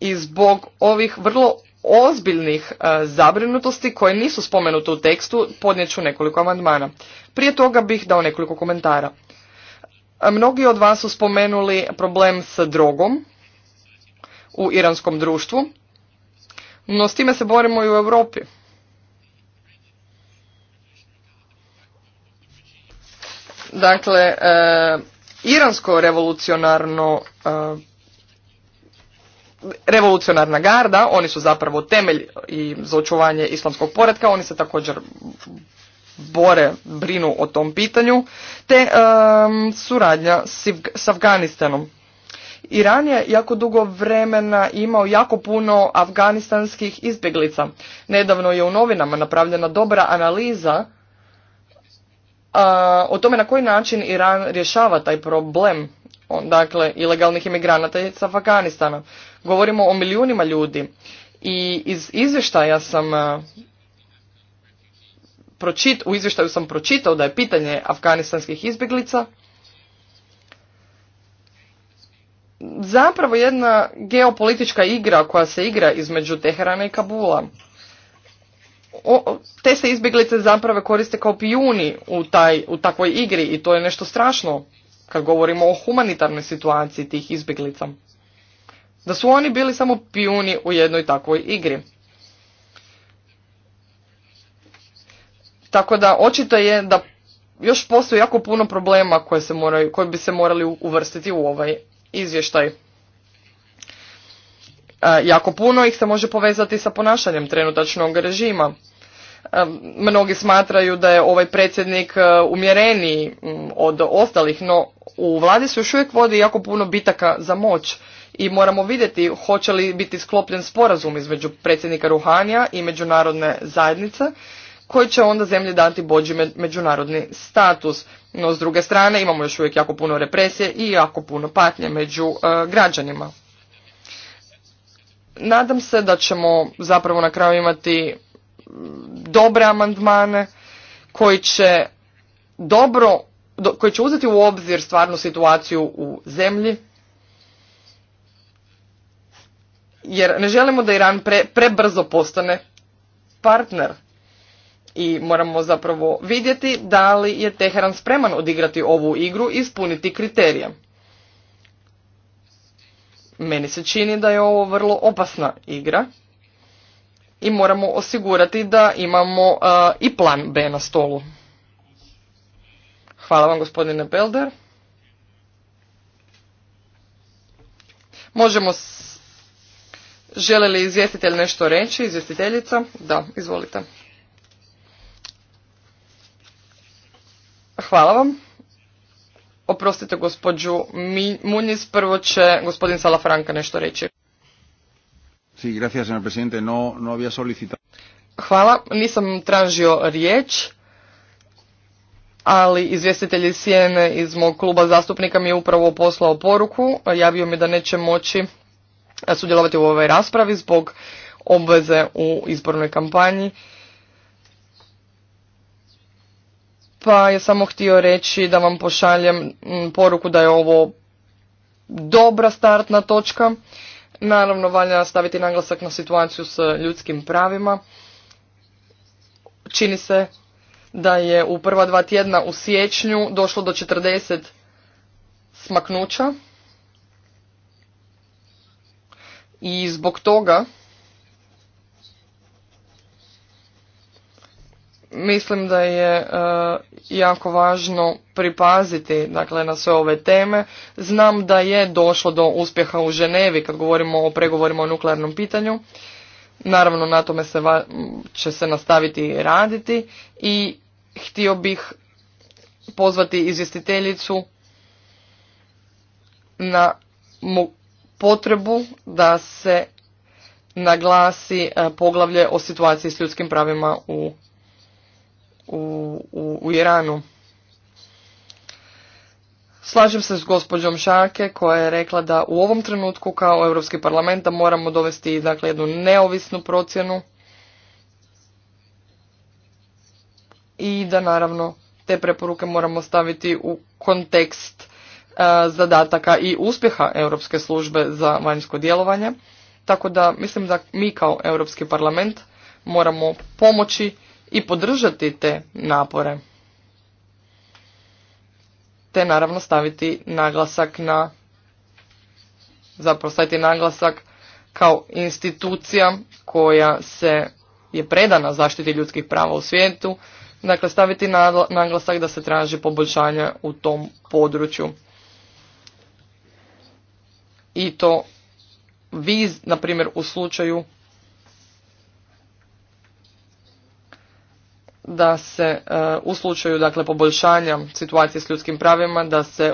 I zbog ovih vrlo ozbiljnih e, zabrinutosti koje nisu spomenute u tekstu podnijet nekoliko amandmana. Prije toga bih dao nekoliko komentara. E, mnogi od vas su spomenuli problem s drogom u iranskom društvu no s time se borimo i u Europi. Dakle, e, iransko revolucionarno e, revolucionarna garda, oni su zapravo temelj i za očuvanje islamskog poretka, oni se također bore, brinu o tom pitanju, te e, suradnja s, s Afganistanom. Iran je jako dugo vremena imao jako puno afganistanskih izbjeglica. Nedavno je u novinama napravljena dobra analiza a, o tome na koji način Iran rješava taj problem dakle ilegalnih imigranata iz Afganistana. Govorimo o milijunima ljudi i iz izvještaja sam a, u izvještaju sam pročitao da je pitanje afganistanskih izbjeglica zapravo jedna geopolitička igra koja se igra između Teherana i Kabula. te se izbjeglice zapravo koriste kao pijuni u, taj, u takvoj igri i to je nešto strašno kad govorimo o humanitarnoj situaciji tih izbjeglica. Da su oni bili samo pijuni u jednoj takvoj igri. Tako da očito je da još postoji jako puno problema koje, se moraju, koje bi se morali uvrstiti u ovaj izvještaj. E, jako puno ih se može povezati sa ponašanjem trenutačnog režima. E, mnogi smatraju da je ovaj predsjednik e, umjereniji od ostalih, no u vladi se još uvijek vodi jako puno bitaka za moć i moramo vidjeti hoće li biti sklopljen sporazum između predsjednika Ruhanija i međunarodne zajednice koji će onda zemlji dati bođi međunarodni status. No s druge strane imamo još uvijek jako puno represije i jako puno patnje među e, građanima. Nadam se da ćemo zapravo na kraju imati dobre amandmane koji će dobro koji će uzeti u obzir stvarnu situaciju u zemlji jer ne želimo da Iran prebrzo postane partner i moramo zapravo vidjeti da li je Teheran spreman odigrati ovu igru i ispuniti kriterije. Meni se čini da je ovo vrlo opasna igra i moramo osigurati da imamo i plan B na stolu. Hvala vam gospodine Belder. Možemo s... Žele li izvjestitelj nešto reći? Izvjestiteljica? Da, izvolite. Hvala vam. Oprostite gospođu Muniz, prvo će gospodin Salafranka nešto reći. Hvala, nisam tražio riječ, ali izvjestitelj Sijene iz mog kluba zastupnika mi je upravo poslao poruku. Javio mi da neće moći eh, sudjelovati u ovoj raspravi zbog obveze u izbornoj kampanji pa ja samo htio reći da vam pošaljem mm, poruku da je ovo dobra startna točka. Naravno, valja staviti naglasak na situaciju s ljudskim pravima. Čini se da je u prva dva tjedna u siječnju došlo do 40 smaknuća i zbog toga mislim da je e, jako važno pripaziti dakle, na sve ove teme. Znam da je došlo do uspjeha u Ženevi kad govorimo o pregovorima o nuklearnom pitanju. Naravno, na tome će se nastaviti raditi i htio bih pozvati izvjestiteljicu na potrebu da se naglasi e, poglavlje o situaciji s ljudskim pravima u u, u, Iranu. Slažem se s gospođom Šake koja je rekla da u ovom trenutku kao Europski parlament moramo dovesti dakle, jednu neovisnu procjenu i da naravno te preporuke moramo staviti u kontekst e, zadataka i uspjeha Europske službe za vanjsko djelovanje. Tako da mislim da mi kao Europski parlament moramo pomoći i podržati te napore. Te naravno staviti naglasak na zapravo staviti naglasak kao institucija koja se je predana zaštiti ljudskih prava u svijetu, dakle staviti naglasak da se traži poboljšanja u tom području. I to viz, na primjer, u slučaju da se e, u slučaju dakle poboljšanja situacije s ljudskim pravima da se e,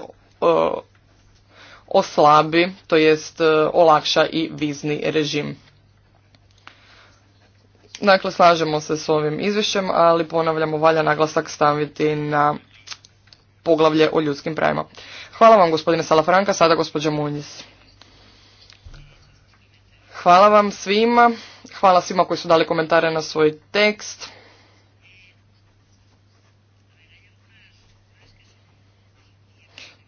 oslabi, to jest e, olakša i vizni režim. Dakle, slažemo se s ovim izvješćem, ali ponavljamo, valja naglasak staviti na poglavlje o ljudskim pravima. Hvala vam, gospodine Salafranka, sada gospođa Munjis. Hvala vam svima, hvala svima koji su dali komentare na svoj tekst.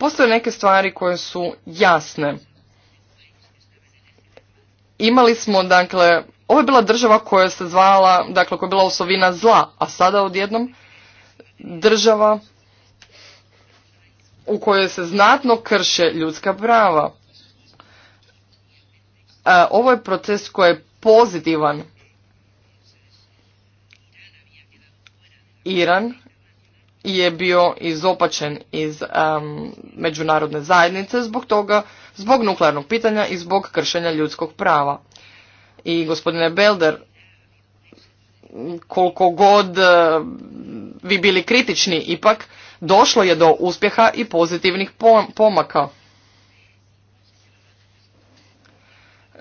Postoje neke stvari koje su jasne. Imali smo, dakle, ovo je bila država koja se zvala, dakle, koja je bila osovina zla, a sada odjednom država u kojoj se znatno krše ljudska prava. E, ovo je proces koji je pozitivan. Iran je bio izopačen iz međunarodne zajednice zbog toga, zbog nuklearnog pitanja i zbog kršenja ljudskog prava. I gospodine Belder, koliko god vi bili kritični, ipak došlo je do uspjeha i pozitivnih pomaka.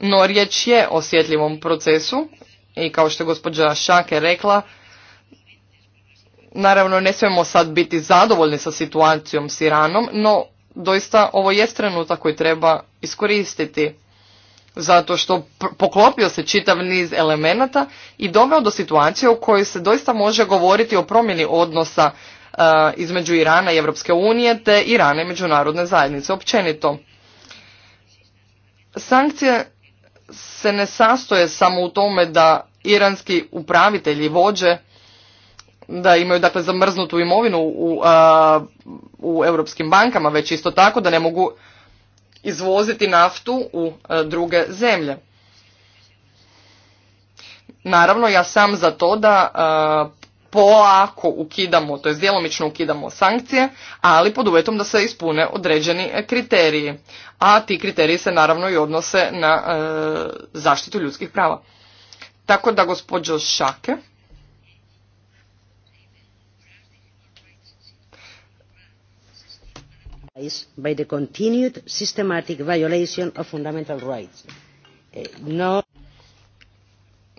No riječ je o osjetljivom procesu i kao što je gospođa Šake rekla, Naravno, ne smijemo sad biti zadovoljni sa situacijom s Iranom, no doista ovo je trenutak koji treba iskoristiti. Zato što poklopio se čitav niz elemenata i doveo do situacije u kojoj se doista može govoriti o promjeni odnosa e, između Irana i Europske unije te Irana i međunarodne zajednice općenito. Sankcije se ne sastoje samo u tome da iranski upravitelji vođe da imaju dakle zamrznutu imovinu u, u europskim bankama, već isto tako da ne mogu izvoziti naftu u druge zemlje. Naravno, ja sam za to da a, polako ukidamo, to je djelomično ukidamo sankcije, ali pod uvjetom da se ispune određeni kriteriji. A ti kriteriji se naravno i odnose na zaštitu ljudskih prava. Tako da, gospođo Šake, by the continued systematic violation of fundamental rights. Eh, no...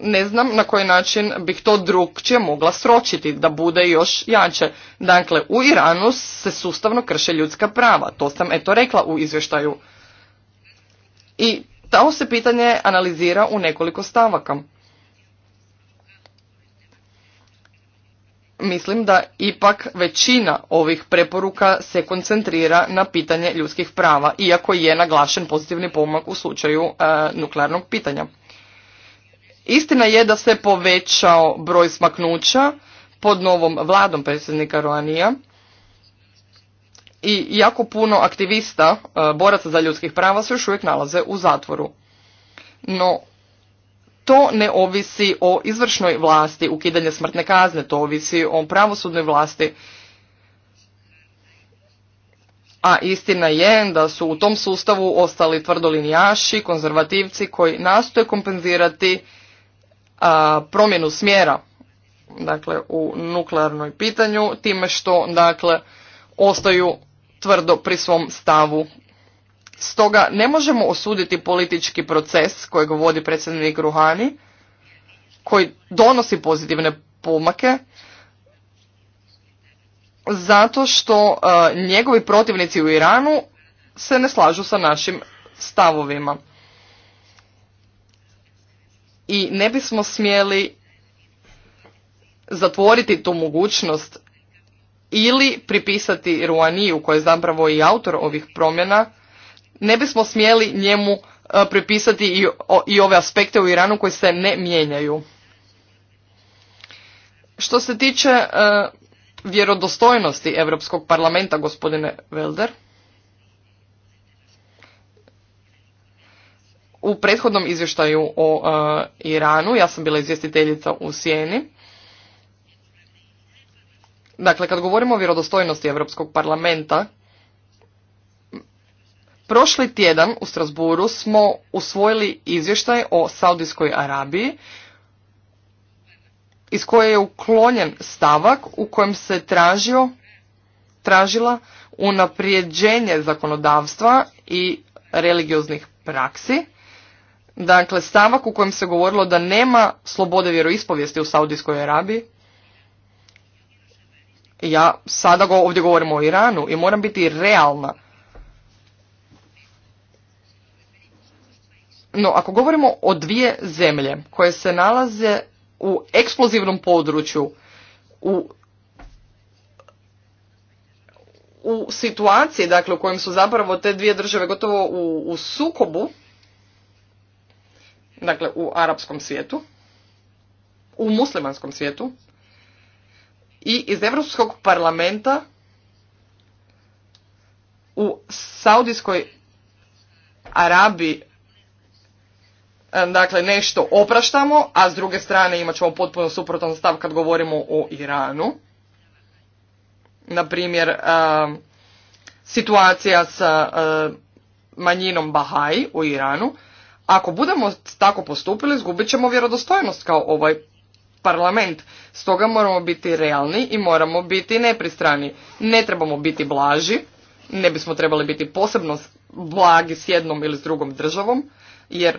Ne znam na koji način bih to drugčije mogla sročiti da bude još jače. Dakle, u Iranu se sustavno krše ljudska prava. To sam eto rekla u izvještaju. I to se pitanje analizira u nekoliko stavaka. mislim da ipak većina ovih preporuka se koncentrira na pitanje ljudskih prava, iako je naglašen pozitivni pomak u slučaju e, nuklearnog pitanja. Istina je da se povećao broj smaknuća pod novom vladom predsjednika Roanija i jako puno aktivista, e, boraca za ljudskih prava se još uvijek nalaze u zatvoru. No, to ne ovisi o izvršnoj vlasti, ukidanje smrtne kazne, to ovisi o pravosudnoj vlasti. A istina je da su u tom sustavu ostali tvrdolinijaši, konzervativci koji nastoje kompenzirati promjenu smjera dakle, u nuklearnoj pitanju, time što dakle, ostaju tvrdo pri svom stavu Stoga ne možemo osuditi politički proces kojeg vodi predsjednik Ruhani, koji donosi pozitivne pomake, zato što e, njegovi protivnici u Iranu se ne slažu sa našim stavovima. I ne bismo smjeli zatvoriti tu mogućnost ili pripisati Ruaniju, koja je zapravo i autor ovih promjena, ne bismo smjeli njemu e, prepisati i, ove aspekte u Iranu koji se ne mijenjaju. Što se tiče e, vjerodostojnosti Europskog parlamenta, gospodine Velder, u prethodnom izvještaju o e, Iranu, ja sam bila izvjestiteljica u Sjeni, dakle kad govorimo o vjerodostojnosti Europskog parlamenta, Prošli tjedan u Strasburu smo usvojili izvještaj o Saudijskoj Arabiji iz koje je uklonjen stavak u kojem se tražio, tražila unaprijeđenje zakonodavstva i religioznih praksi. Dakle, stavak u kojem se govorilo da nema slobode vjeroispovijesti u Saudijskoj Arabiji. Ja sada go, ovdje govorim o Iranu i moram biti realna. No, ako govorimo o dvije zemlje koje se nalaze u eksplozivnom području, u, u situaciji dakle, u kojem su zapravo te dvije države gotovo u, u sukobu, dakle u arapskom svijetu, u muslimanskom svijetu, i iz Europskog parlamenta u Saudijskoj Arabiji E, dakle nešto opraštamo, a s druge strane imat ćemo potpuno suprotan stav kad govorimo o Iranu. Na primjer, e, situacija sa e, manjinom Bahaji u Iranu. Ako budemo tako postupili, zgubit ćemo vjerodostojnost kao ovaj parlament. Stoga moramo biti realni i moramo biti nepristrani. Ne trebamo biti blaži, ne bismo trebali biti posebno blagi s jednom ili s drugom državom, jer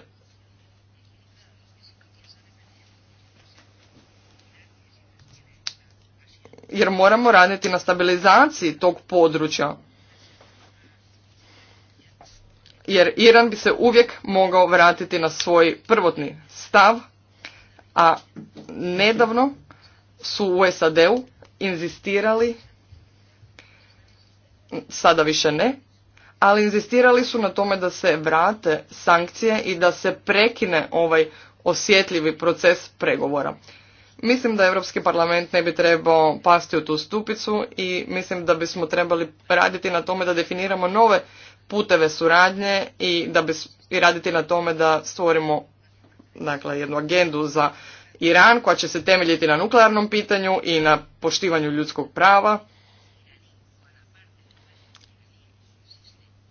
jer moramo raditi na stabilizaciji tog područja. Jer Iran bi se uvijek mogao vratiti na svoj prvotni stav, a nedavno su u SAD-u inzistirali, sada više ne, ali inzistirali su na tome da se vrate sankcije i da se prekine ovaj osjetljivi proces pregovora. Mislim da Europski parlament ne bi trebao pasti u tu stupicu i mislim da bismo trebali raditi na tome da definiramo nove puteve suradnje i da bi i raditi na tome da stvorimo dakle jednu agendu za Iran koja će se temeljiti na nuklearnom pitanju i na poštivanju ljudskog prava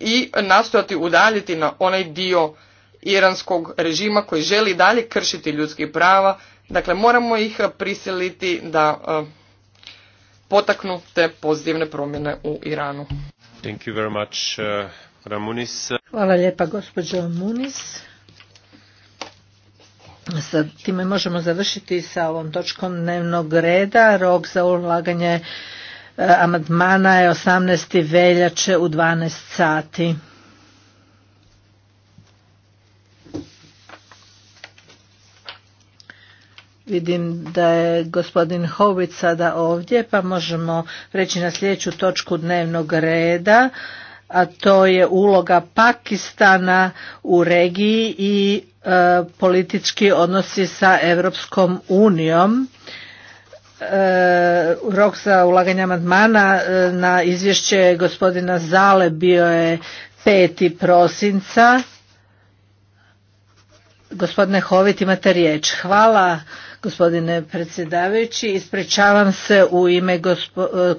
i nastojati udaljiti na onaj dio iranskog režima koji želi dalje kršiti ljudskih prava Dakle, moramo ih prisiliti da e, potaknu te pozitivne promjene u Iranu. Thank you uh, Hvala lijepa gospođo Munis. Sad time možemo završiti sa ovom točkom dnevnog reda. Rok za ulaganje e, amadmana je 18. veljače u 12 sati. Vidim da je gospodin Hovic sada ovdje, pa možemo reći na sljedeću točku dnevnog reda, a to je uloga Pakistana u regiji i e, politički odnosi sa Europskom unijom. E, rok za ulaganje amandmana e, na izvješće gospodina Zale bio je 5. prosinca. Gospodine Hovit, imate riječ. Hvala gospodine predsjedavajući. Ispričavam se u ime e,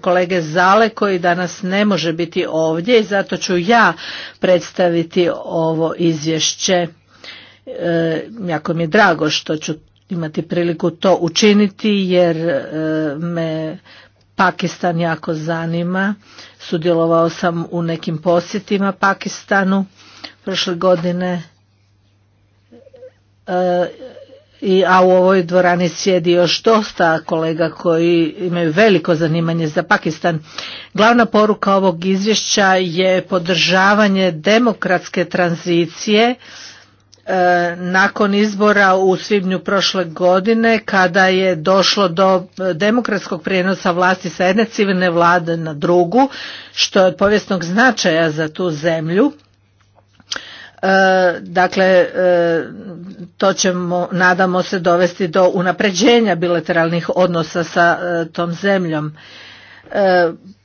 kolege Zale koji danas ne može biti ovdje i zato ću ja predstaviti ovo izvješće. E, jako mi je drago što ću imati priliku to učiniti jer e, me Pakistan jako zanima. Sudjelovao sam u nekim posjetima Pakistanu prošle godine i a u ovoj dvorani sjedi još dosta kolega koji imaju veliko zanimanje za Pakistan. Glavna poruka ovog izvješća je podržavanje demokratske tranzicije e, nakon izbora u svibnju prošle godine kada je došlo do demokratskog prijenosa vlasti sa jedne civilne vlade na drugu što je od povijesnog značaja za tu zemlju E, dakle e, to ćemo nadamo se dovesti do unapređenja bilateralnih odnosa sa e, tom zemljom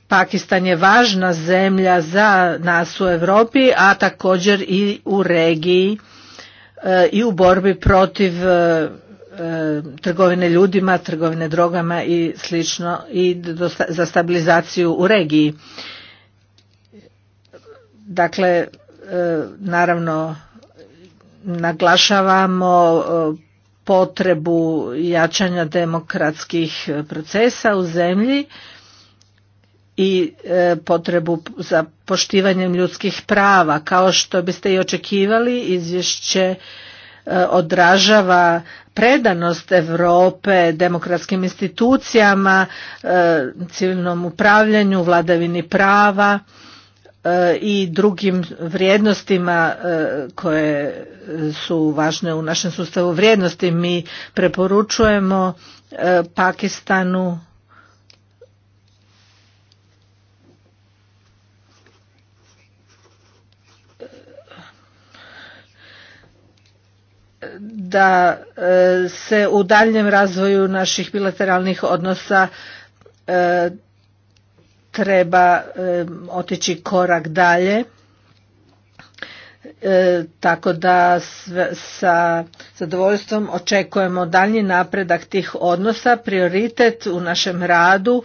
Pakistan je važna zemlja za nas u Europi a također i u regiji i u borbi protiv trgovine ljudima, trgovine drogama i slično i za stabilizaciju u regiji. Dakle naravno naglašavamo e, potrebu jačanja demokratskih procesa u zemlji i e, potrebu za poštivanjem ljudskih prava kao što biste i očekivali izvješće e, odražava predanost Europe demokratskim institucijama civilnom upravljanju vladavini prava E, i drugim vrijednostima e, koje su važne u našem sustavu vrijednosti. Mi preporučujemo e, Pakistanu da se u daljem razvoju naših bilateralnih odnosa treba otići korak dalje tako da sa zadovoljstvom očekujemo daljnji napredak tih odnosa prioritet u našem radu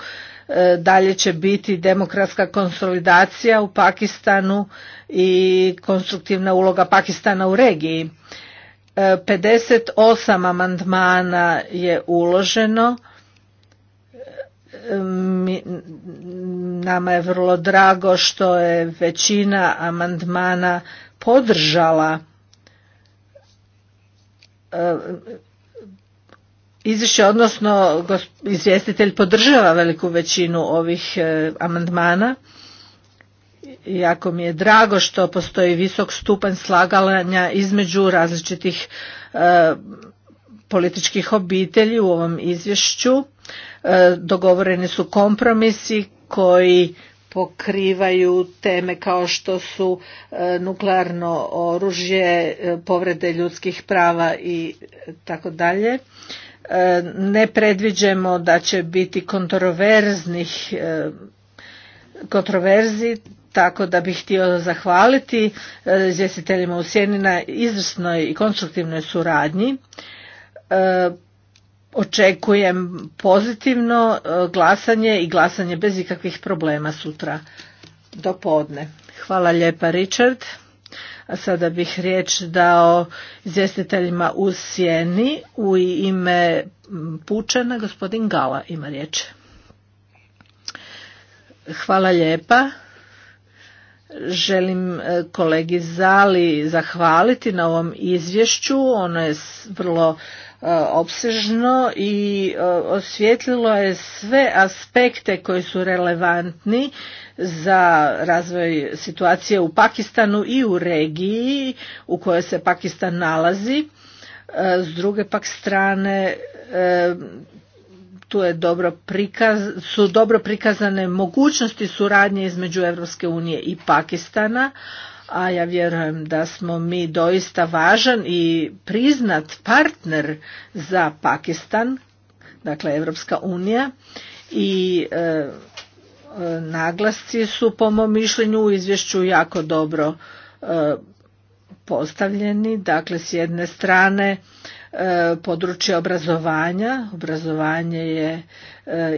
dalje će biti demokratska konsolidacija u Pakistanu i konstruktivna uloga Pakistana u regiji e, 58 amandmana je uloženo nama je vrlo drago što je većina amandmana podržala e, izvješće, odnosno izvjestitelj podržava veliku većinu ovih e, amandmana. Jako mi je drago što postoji visok stupanj slagalanja između različitih e, političkih obitelji u ovom izvješću E, dogovoreni su kompromisi koji pokrivaju teme kao što su e, nuklearno oružje, e, povrede ljudskih prava i tako dalje. Ne predviđemo da će biti kontroverznih kontroverzi, tako da bih htio zahvaliti izvjestiteljima u Sjeni izvrsnoj i konstruktivnoj suradnji očekujem pozitivno e, glasanje i glasanje bez ikakvih problema sutra do podne. Hvala lijepa Richard. A sada bih riječ dao izvjestiteljima u sjeni u ime Pučana, gospodin Gala ima riječ. Hvala lijepa. Želim e, kolegi Zali zahvaliti na ovom izvješću. Ono je vrlo E, opsežno i e, osvjetlilo je sve aspekte koji su relevantni za razvoj situacije u Pakistanu i u regiji u kojoj se Pakistan nalazi. E, s druge pak strane tu je dobro prikaz, su dobro prikazane mogućnosti suradnje između Europske unije i Pakistana, a ja vjerujem da smo mi doista važan i priznat partner za Pakistan, dakle Europska unija i e, e, naglasci su po mom mišljenju u izvješću jako dobro e, postavljeni, dakle s jedne strane područje obrazovanja, obrazovanje je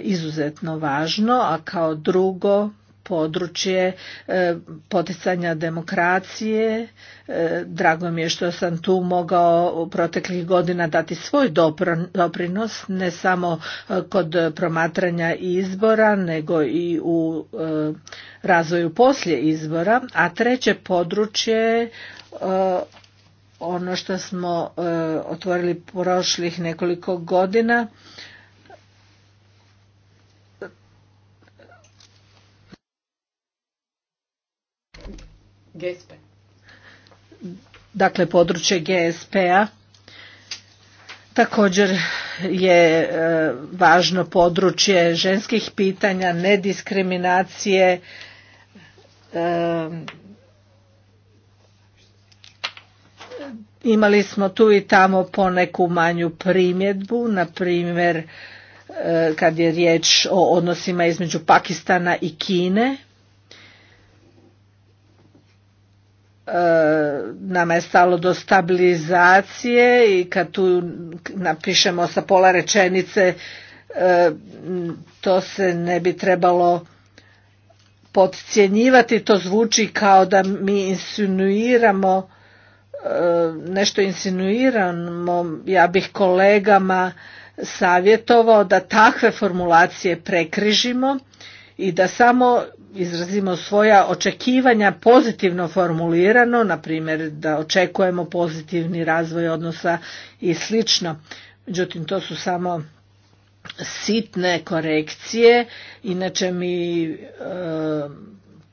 izuzetno važno, a kao drugo područje e, poticanja demokracije. E, drago mi je što sam tu mogao u proteklih godina dati svoj doprinos, ne samo e, kod promatranja izbora, nego i u razvoju poslije izbora. A treće područje ono što smo otvorili prošlih nekoliko godina GSP. Dakle, područje GSP-a također je e, važno područje ženskih pitanja, nediskriminacije, e, imali smo tu i tamo poneku manju primjedbu, na primjer e, kad je riječ o odnosima između Pakistana i Kine. E, nama je stalo do stabilizacije i kad tu napišemo sa pola rečenice e, to se ne bi trebalo podcjenjivati to zvuči kao da mi insinuiramo e, nešto insinuiramo ja bih kolegama savjetovao da takve formulacije prekrižimo i da samo izrazimo svoja očekivanja pozitivno formulirano, na primjer da očekujemo pozitivni razvoj odnosa i slično. Međutim, to su samo sitne korekcije, inače mi e,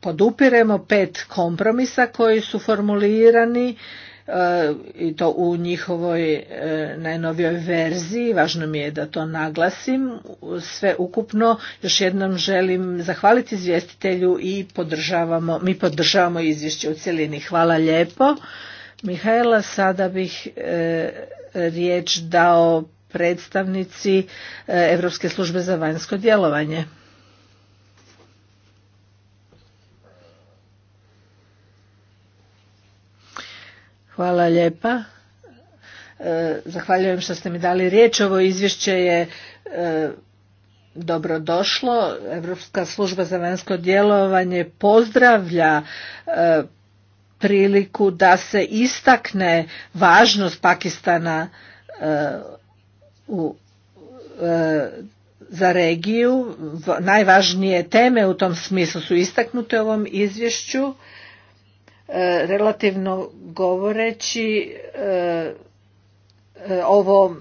podupiremo pet kompromisa koji su formulirani i to u njihovoj e, najnovijoj verziji. Važno mi je da to naglasim. Sve ukupno još jednom želim zahvaliti izvjestitelju i podržavamo, mi podržavamo izvješće u cjelini. Hvala lijepo. Mihajla, sada bih e, riječ dao predstavnici Europske službe za vanjsko djelovanje. Hvala lijepa. E, zahvaljujem što ste mi dali riječ. Ovo izvješće je e, dobro došlo. Europska služba za vanjsko djelovanje pozdravlja e, priliku da se istakne važnost Pakistana za regiju. Najvažnije teme u tom smislu su istaknute u ovom izvješću relativno govoreći e, e, ovo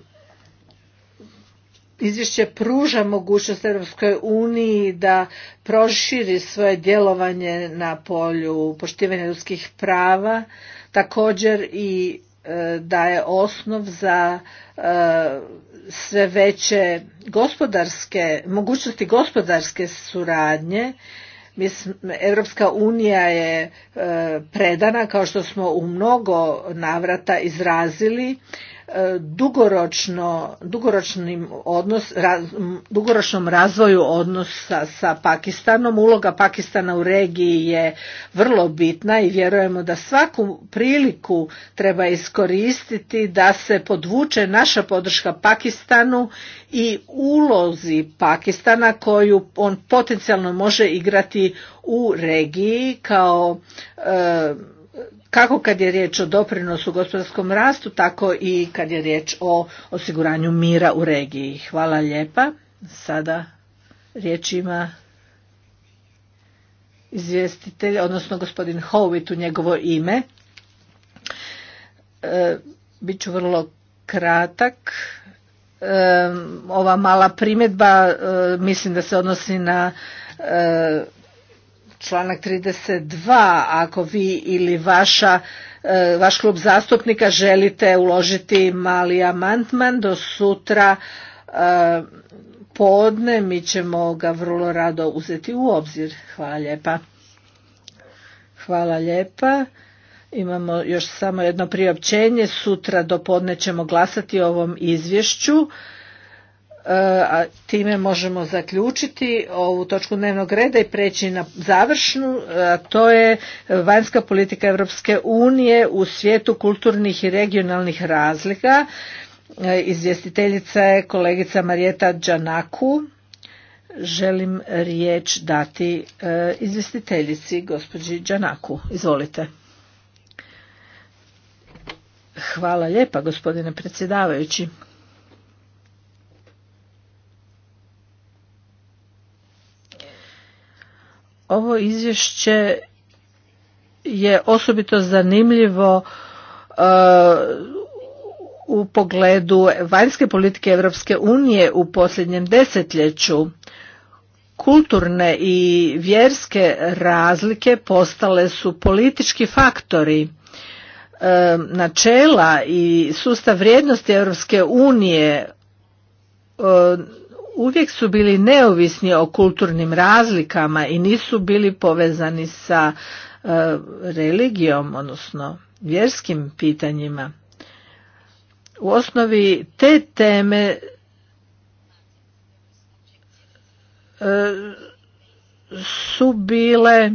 izvješće pruža mogućnost Europskoj uniji da proširi svoje djelovanje na polju poštivanja ljudskih prava, također i e, daje osnov za sve veće gospodarske, mogućnosti gospodarske suradnje Europska unija je e, predana kao što smo u mnogo navrata izrazili E, dugoročno, dugoročnim odnos, dugoročnom razvoju odnosa sa Pakistanom. Uloga Pakistana u regiji je vrlo bitna i vjerujemo da svaku priliku treba iskoristiti da se podvuče naša podrška Pakistanu i ulozi Pakistana koju on potencijalno može igrati u regiji kao e, kako kad je riječ o doprinosu gospodarskom rastu, tako i kad je riječ o osiguranju mira u regiji. Hvala lijepa. Sada riječ ima izvjestitelj, odnosno gospodin Howitt u njegovo ime. E, Biću vrlo kratak. E, ova mala primjedba e, mislim da se odnosi na e, članak 32 ako vi ili vaša e, vaš klub zastupnika želite uložiti mali amandman do sutra e, podne mi ćemo ga vrlo rado uzeti u obzir. Hvala lijepa. Hvala lijepa. Imamo još samo jedno priopćenje. Sutra do podne ćemo glasati o ovom izvješću. E, a time možemo zaključiti ovu točku dnevnog reda i preći na završnu, a to je vanjska politika Europske unije u svijetu kulturnih i regionalnih razlika. E, izvjestiteljica je kolegica Marijeta Đanaku. Želim riječ dati e, izvjestiteljici gospođi Đanaku. Izvolite. Hvala lijepa gospodine predsjedavajući. Ovo izvješće je osobito zanimljivo e, u pogledu vanjske politike Europske unije u posljednjem desetljeću kulturne i vjerske razlike postale su politički faktori e, načela i sustav vrijednosti Europske unije e, uvijek su bili neovisni o kulturnim razlikama i nisu bili povezani sa e, religijom, odnosno vjerskim pitanjima. U osnovi te teme e, su bile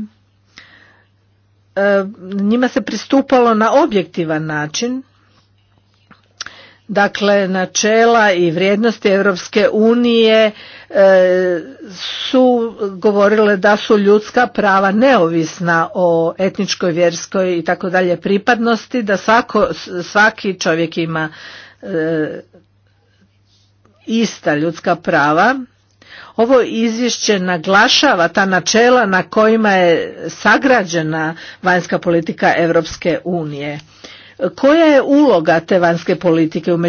e, njima se pristupalo na objektivan način Dakle, načela i vrijednosti Europske unije e, su govorile da su ljudska prava neovisna o etničkoj, vjerskoj i tako dalje pripadnosti, da svako, svaki čovjek ima e, ista ljudska prava. Ovo izvješće naglašava ta načela na kojima je sagrađena vanjska politika Europske unije koja je uloga te vanjske politike u,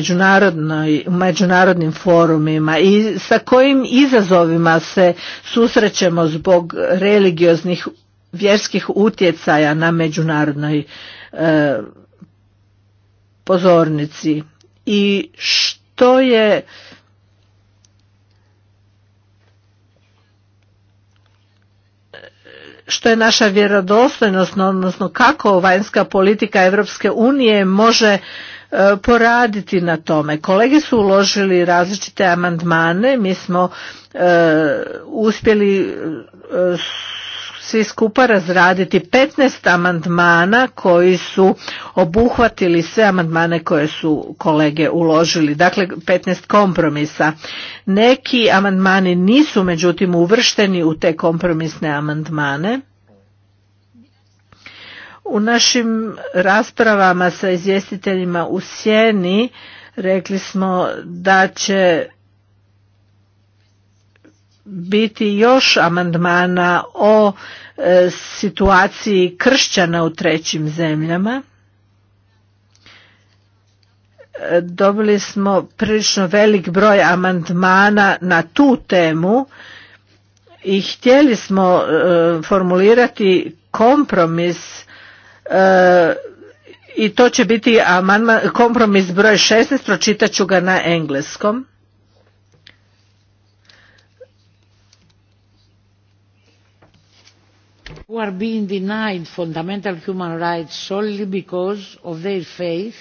u međunarodnim forumima i sa kojim izazovima se susrećemo zbog religioznih vjerskih utjecaja na međunarodnoj e, pozornici i što je što je naša vjerodostojnost, odnosno kako vanjska politika Europske unije može e, poraditi na tome. Kolege su uložili različite amandmane, mi smo e, uspjeli e, svi skupa razraditi 15 amandmana koji su obuhvatili sve amandmane koje su kolege uložili, dakle 15 kompromisa. Neki amandmani nisu međutim uvršteni u te kompromisne amandmane. U našim raspravama sa izvjestiteljima u Sjeni rekli smo da će biti još amandmana o e, situaciji kršćana u trećim zemljama. E, dobili smo prilično velik broj amandmana na tu temu i htjeli smo e, formulirati kompromis i to će biti kompromis broj 16, pročitat ću ga na engleskom. who are being denied fundamental human rights solely because of their faith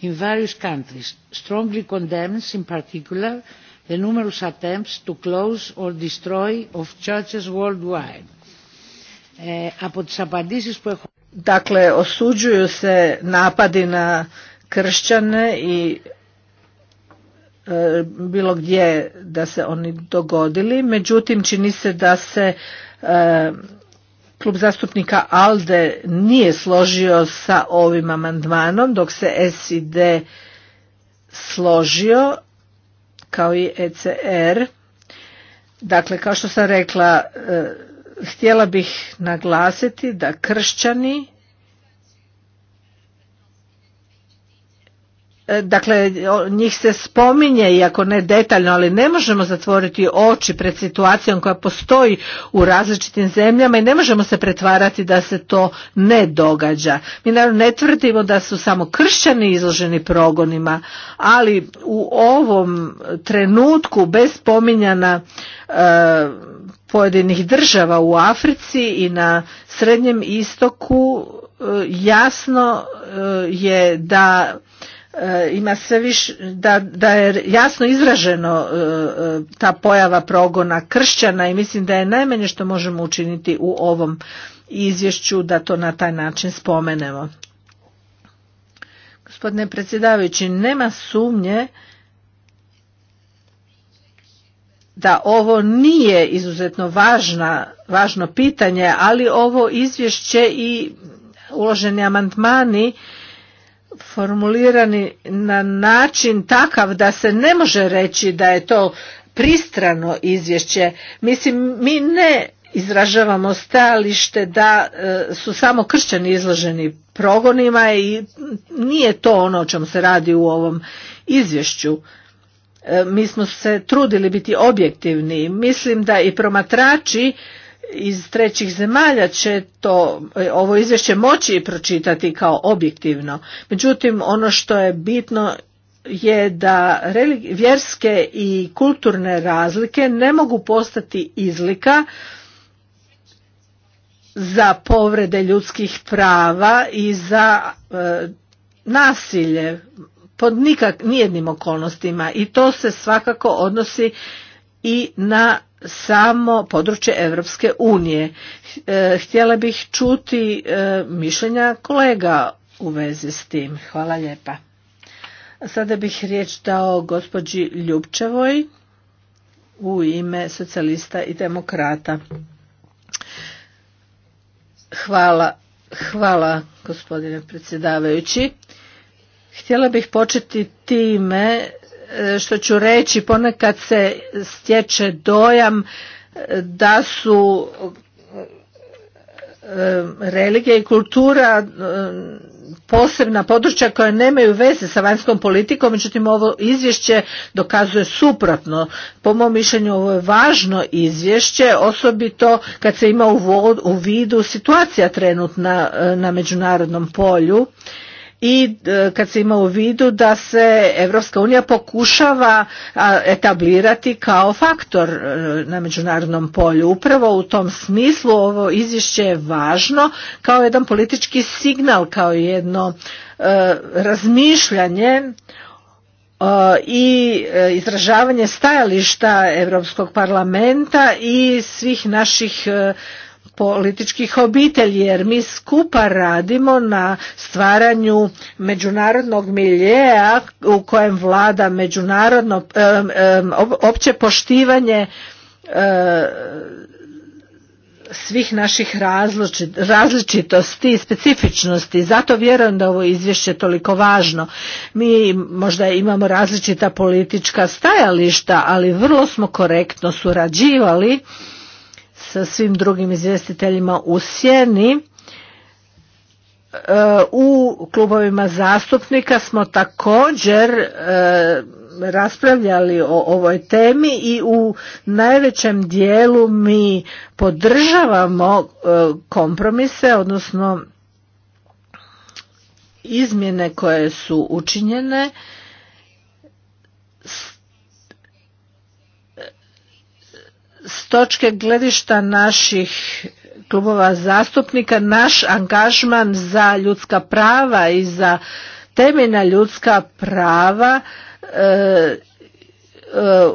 in various countries strongly condemns in particular the numerous attempts to close or destroy of churches worldwide. Eh, dakle, osuđuju se napadi na kršćane i eh, bilo gdje da se oni dogodili, međutim čini se da se e, klub zastupnika ALDE nije složio sa ovim amandmanom, dok se SID složio, kao i ECR. Dakle, kao što sam rekla, e, htjela bih naglasiti da kršćani E, dakle njih se spominje iako ne detaljno ali ne možemo zatvoriti oči pred situacijom koja postoji u različitim zemljama i ne možemo se pretvarati da se to ne događa mi naravno ne tvrdimo da su samo kršćani izloženi progonima ali u ovom trenutku bez spominjana e, pojedinih država u Africi i na srednjem istoku e, jasno je da E, ima sve više da, da je jasno izraženo e, e, ta pojava progona kršćana i mislim da je najmanje što možemo učiniti u ovom izvješću da to na taj način spomenemo. Gospodine predsjedavajući, nema sumnje da ovo nije izuzetno važna, važno pitanje, ali ovo izvješće i uloženi amandmani formulirani na način takav da se ne može reći da je to pristrano izvješće. Mislim, mi ne izražavamo stajalište da e, su samo kršćani izloženi progonima i nije to ono o čemu se radi u ovom izvješću. E, mi smo se trudili biti objektivni. Mislim da i promatrači iz trećih zemalja će to e, ovo izvješće moći pročitati kao objektivno. Međutim, ono što je bitno je da vjerske i kulturne razlike ne mogu postati izlika za povrede ljudskih prava i za e, nasilje pod nikak nijednim okolnostima i to se svakako odnosi i na samo područje Europske unije. E, htjela bih čuti e, mišljenja kolega u vezi s tim. Hvala lijepa. Sada bih riječ dao gospođi Ljubčevoj u ime socijalista i demokrata. Hvala, hvala gospodine predsjedavajući. Htjela bih početi time što ću reći, ponekad se stječe dojam e, da su e, religija i kultura e, posebna područja koja nemaju veze sa vanjskom politikom, međutim ovo izvješće dokazuje suprotno. Po mom mišljenju ovo je važno izvješće, osobito kad se ima u vidu situacija trenutna na međunarodnom polju i e, kad se ima u vidu da se Europska unija pokušava etablirati kao faktor e, na međunarodnom polju. Upravo u tom smislu ovo izvješće je važno kao jedan politički signal, kao jedno e, razmišljanje i izražavanje stajališta Europskog parlamenta i svih naših političkih obitelji jer mi skupa radimo na stvaranju međunarodnog miljeja u kojem vlada međunarodno opće poštivanje e, svih naših različitosti i specifičnosti. Zato vjerujem da ovo izvješće je toliko važno. Mi možda imamo različita politička stajališta, ali vrlo smo korektno surađivali sa svim drugim izvjestiteljima u sjeni e, u klubovima zastupnika smo također e, raspravljali o ovoj temi i u najvećem dijelu mi podržavamo e, kompromise odnosno izmjene koje su učinjene s točke gledišta naših klubova zastupnika naš angažman za ljudska prava i za temeljna ljudska prava e, e, e,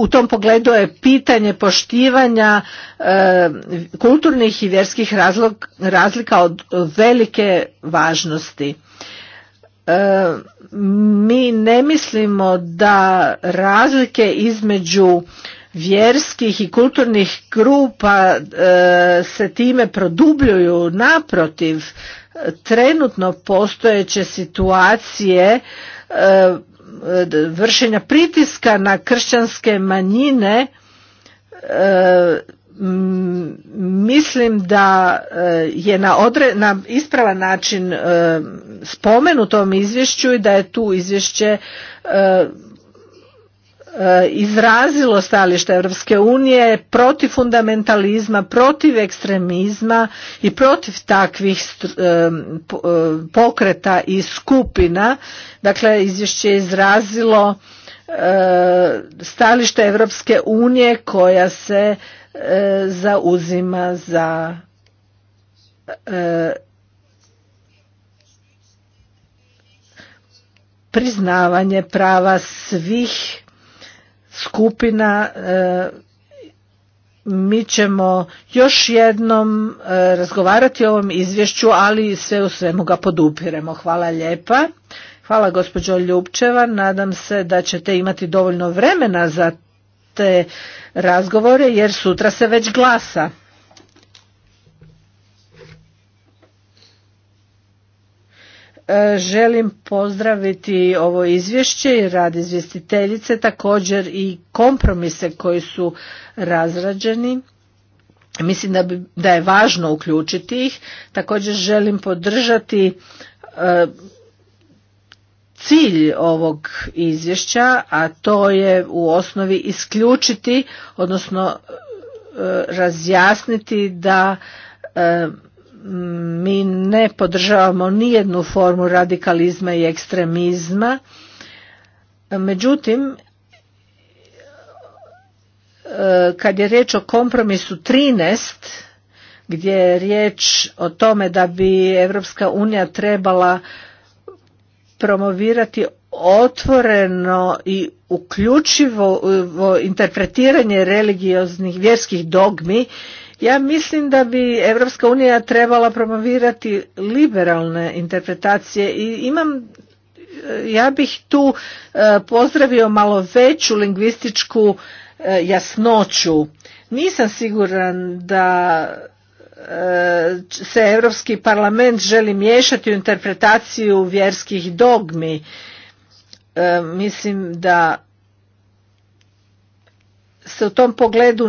u tom pogledu je pitanje poštivanja kulturnih i vjerskih razlog, razlika od velike važnosti mi ne mislimo da razlike između vjerskih i kulturnih grupa e, se time produbljuju naprotiv trenutno postojeće situacije e, vršenja pritiska na kršćanske manjine e, Mm, mislim da e, je na, odre, na ispravan način e, spomen u tom izvješću i da je tu izvješće e, izrazilo stajalište Europske unije protiv fundamentalizma, protiv ekstremizma i protiv takvih pokreta i skupina. Dakle, izvješće je izrazilo stajalište Europske unije koja se E, zauzima za e, priznavanje prava svih skupina e, mi ćemo još jednom razgovarati o ovom izvješću, ali sve u svemu ga podupiremo. Hvala lijepa. Hvala gospođo Ljubčeva, nadam se da ćete imati dovoljno vremena za razgovore jer sutra se već glasa. E, želim pozdraviti ovo izvješće i rad izvjestiteljice, također i kompromise koji su razrađeni. Mislim da, bi, da je važno uključiti ih. Također želim podržati e, cilj ovog izvješća, a to je u osnovi isključiti, odnosno e, razjasniti da e, mi ne podržavamo nijednu formu radikalizma i ekstremizma. Međutim, e, kad je riječ o kompromisu 13, gdje je riječ o tome da bi Europska unija trebala promovirati otvoreno i uključivo interpretiranje religioznih vjerskih dogmi ja mislim da bi Europska unija trebala promovirati liberalne interpretacije i imam ja bih tu e, pozdravio malo veću lingvističku e, jasnoću nisam siguran da E, se Europski parlament želi miješati u interpretaciju vjerskih dogmi. E, mislim da se u tom pogledu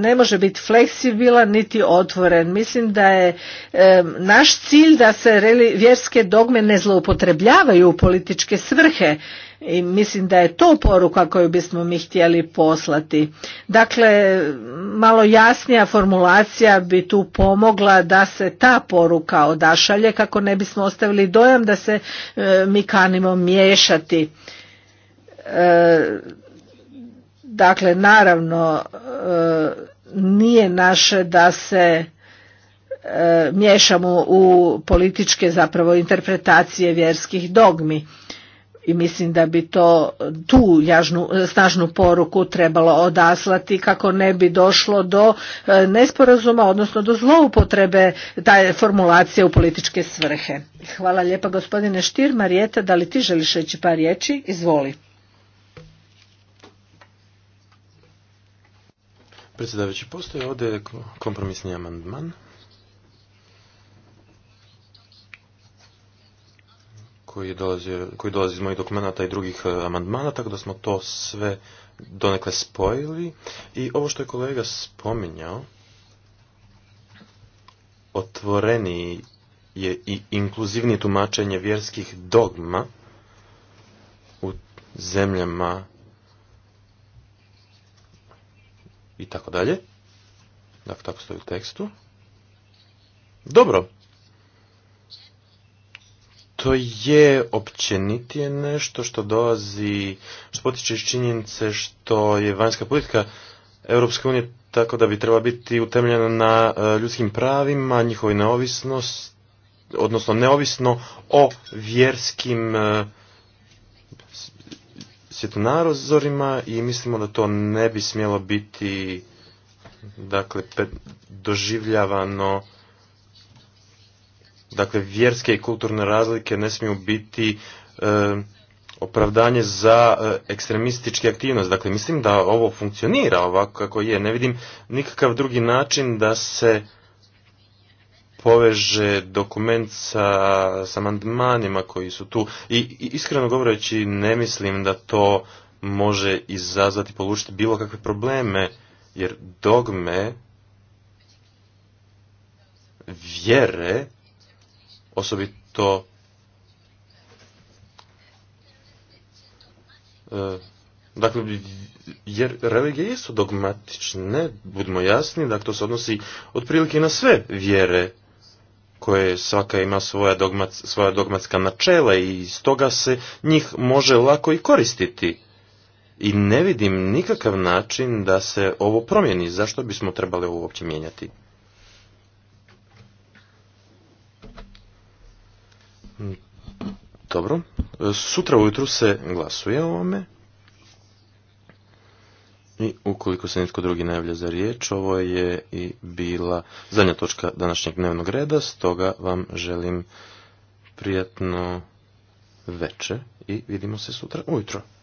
ne može biti fleksibilan niti otvoren. Mislim da je e, naš cilj da se vjerske dogme ne zloupotrebljavaju u političke svrhe. I mislim da je to poruka koju bismo mi htjeli poslati. Dakle, malo jasnija formulacija bi tu pomogla da se ta poruka odašalje kako ne bismo ostavili dojam da se e, mi kanimo miješati. E, dakle, naravno e, nije naše da se miješamo u političke zapravo interpretacije vjerskih dogmi i mislim da bi to tu snažnu poruku trebalo odaslati kako ne bi došlo do e, nesporazuma, odnosno do zloupotrebe taj formulacije u političke svrhe. Hvala lijepa gospodine Štir. Marijeta, da li ti želiš reći par riječi? Izvoli. Predsjedavajući, postoje ovdje kompromisni amandman koji, dolazi, iz mojih dokumenta i drugih e, amandmana, tako da smo to sve donekle spojili. I ovo što je kolega spominjao, otvoreni je i inkluzivni tumačenje vjerskih dogma u zemljama i tako dalje. Dakle, tako stoji u tekstu. Dobro, to je općenitije nešto što dolazi, što potiče iz činjenice što je vanjska politika Europske unije tako da bi trebala biti utemljena na e, ljudskim pravima, njihovoj neovisnost, odnosno neovisno o vjerskim e, svjetonarozorima i mislimo da to ne bi smjelo biti dakle doživljavano Dakle, vjerske i kulturne razlike ne smiju biti e, opravdanje za e, ekstremističke aktivnost. Dakle, mislim da ovo funkcionira ovako kako je. Ne vidim nikakav drugi način da se poveže dokument sa, sa amandmanima koji su tu. I, I iskreno govoreći ne mislim da to može izazvati, polučiti bilo kakve probleme, jer dogme vjere osobito e, Dakle, jer religije jesu dogmatične, budimo jasni, dakle to se odnosi otprilike na sve vjere koje svaka ima svoja, dogmat, svoja dogmatska načela i stoga se njih može lako i koristiti. I ne vidim nikakav način da se ovo promijeni, zašto bismo trebali ovo uopće mijenjati. Dobro. Sutra ujutru se glasuje o ovome. I ukoliko se nitko drugi najavlja za riječ, ovo je i bila zadnja točka današnjeg dnevnog reda, stoga vam želim prijatno večer i vidimo se sutra ujutro.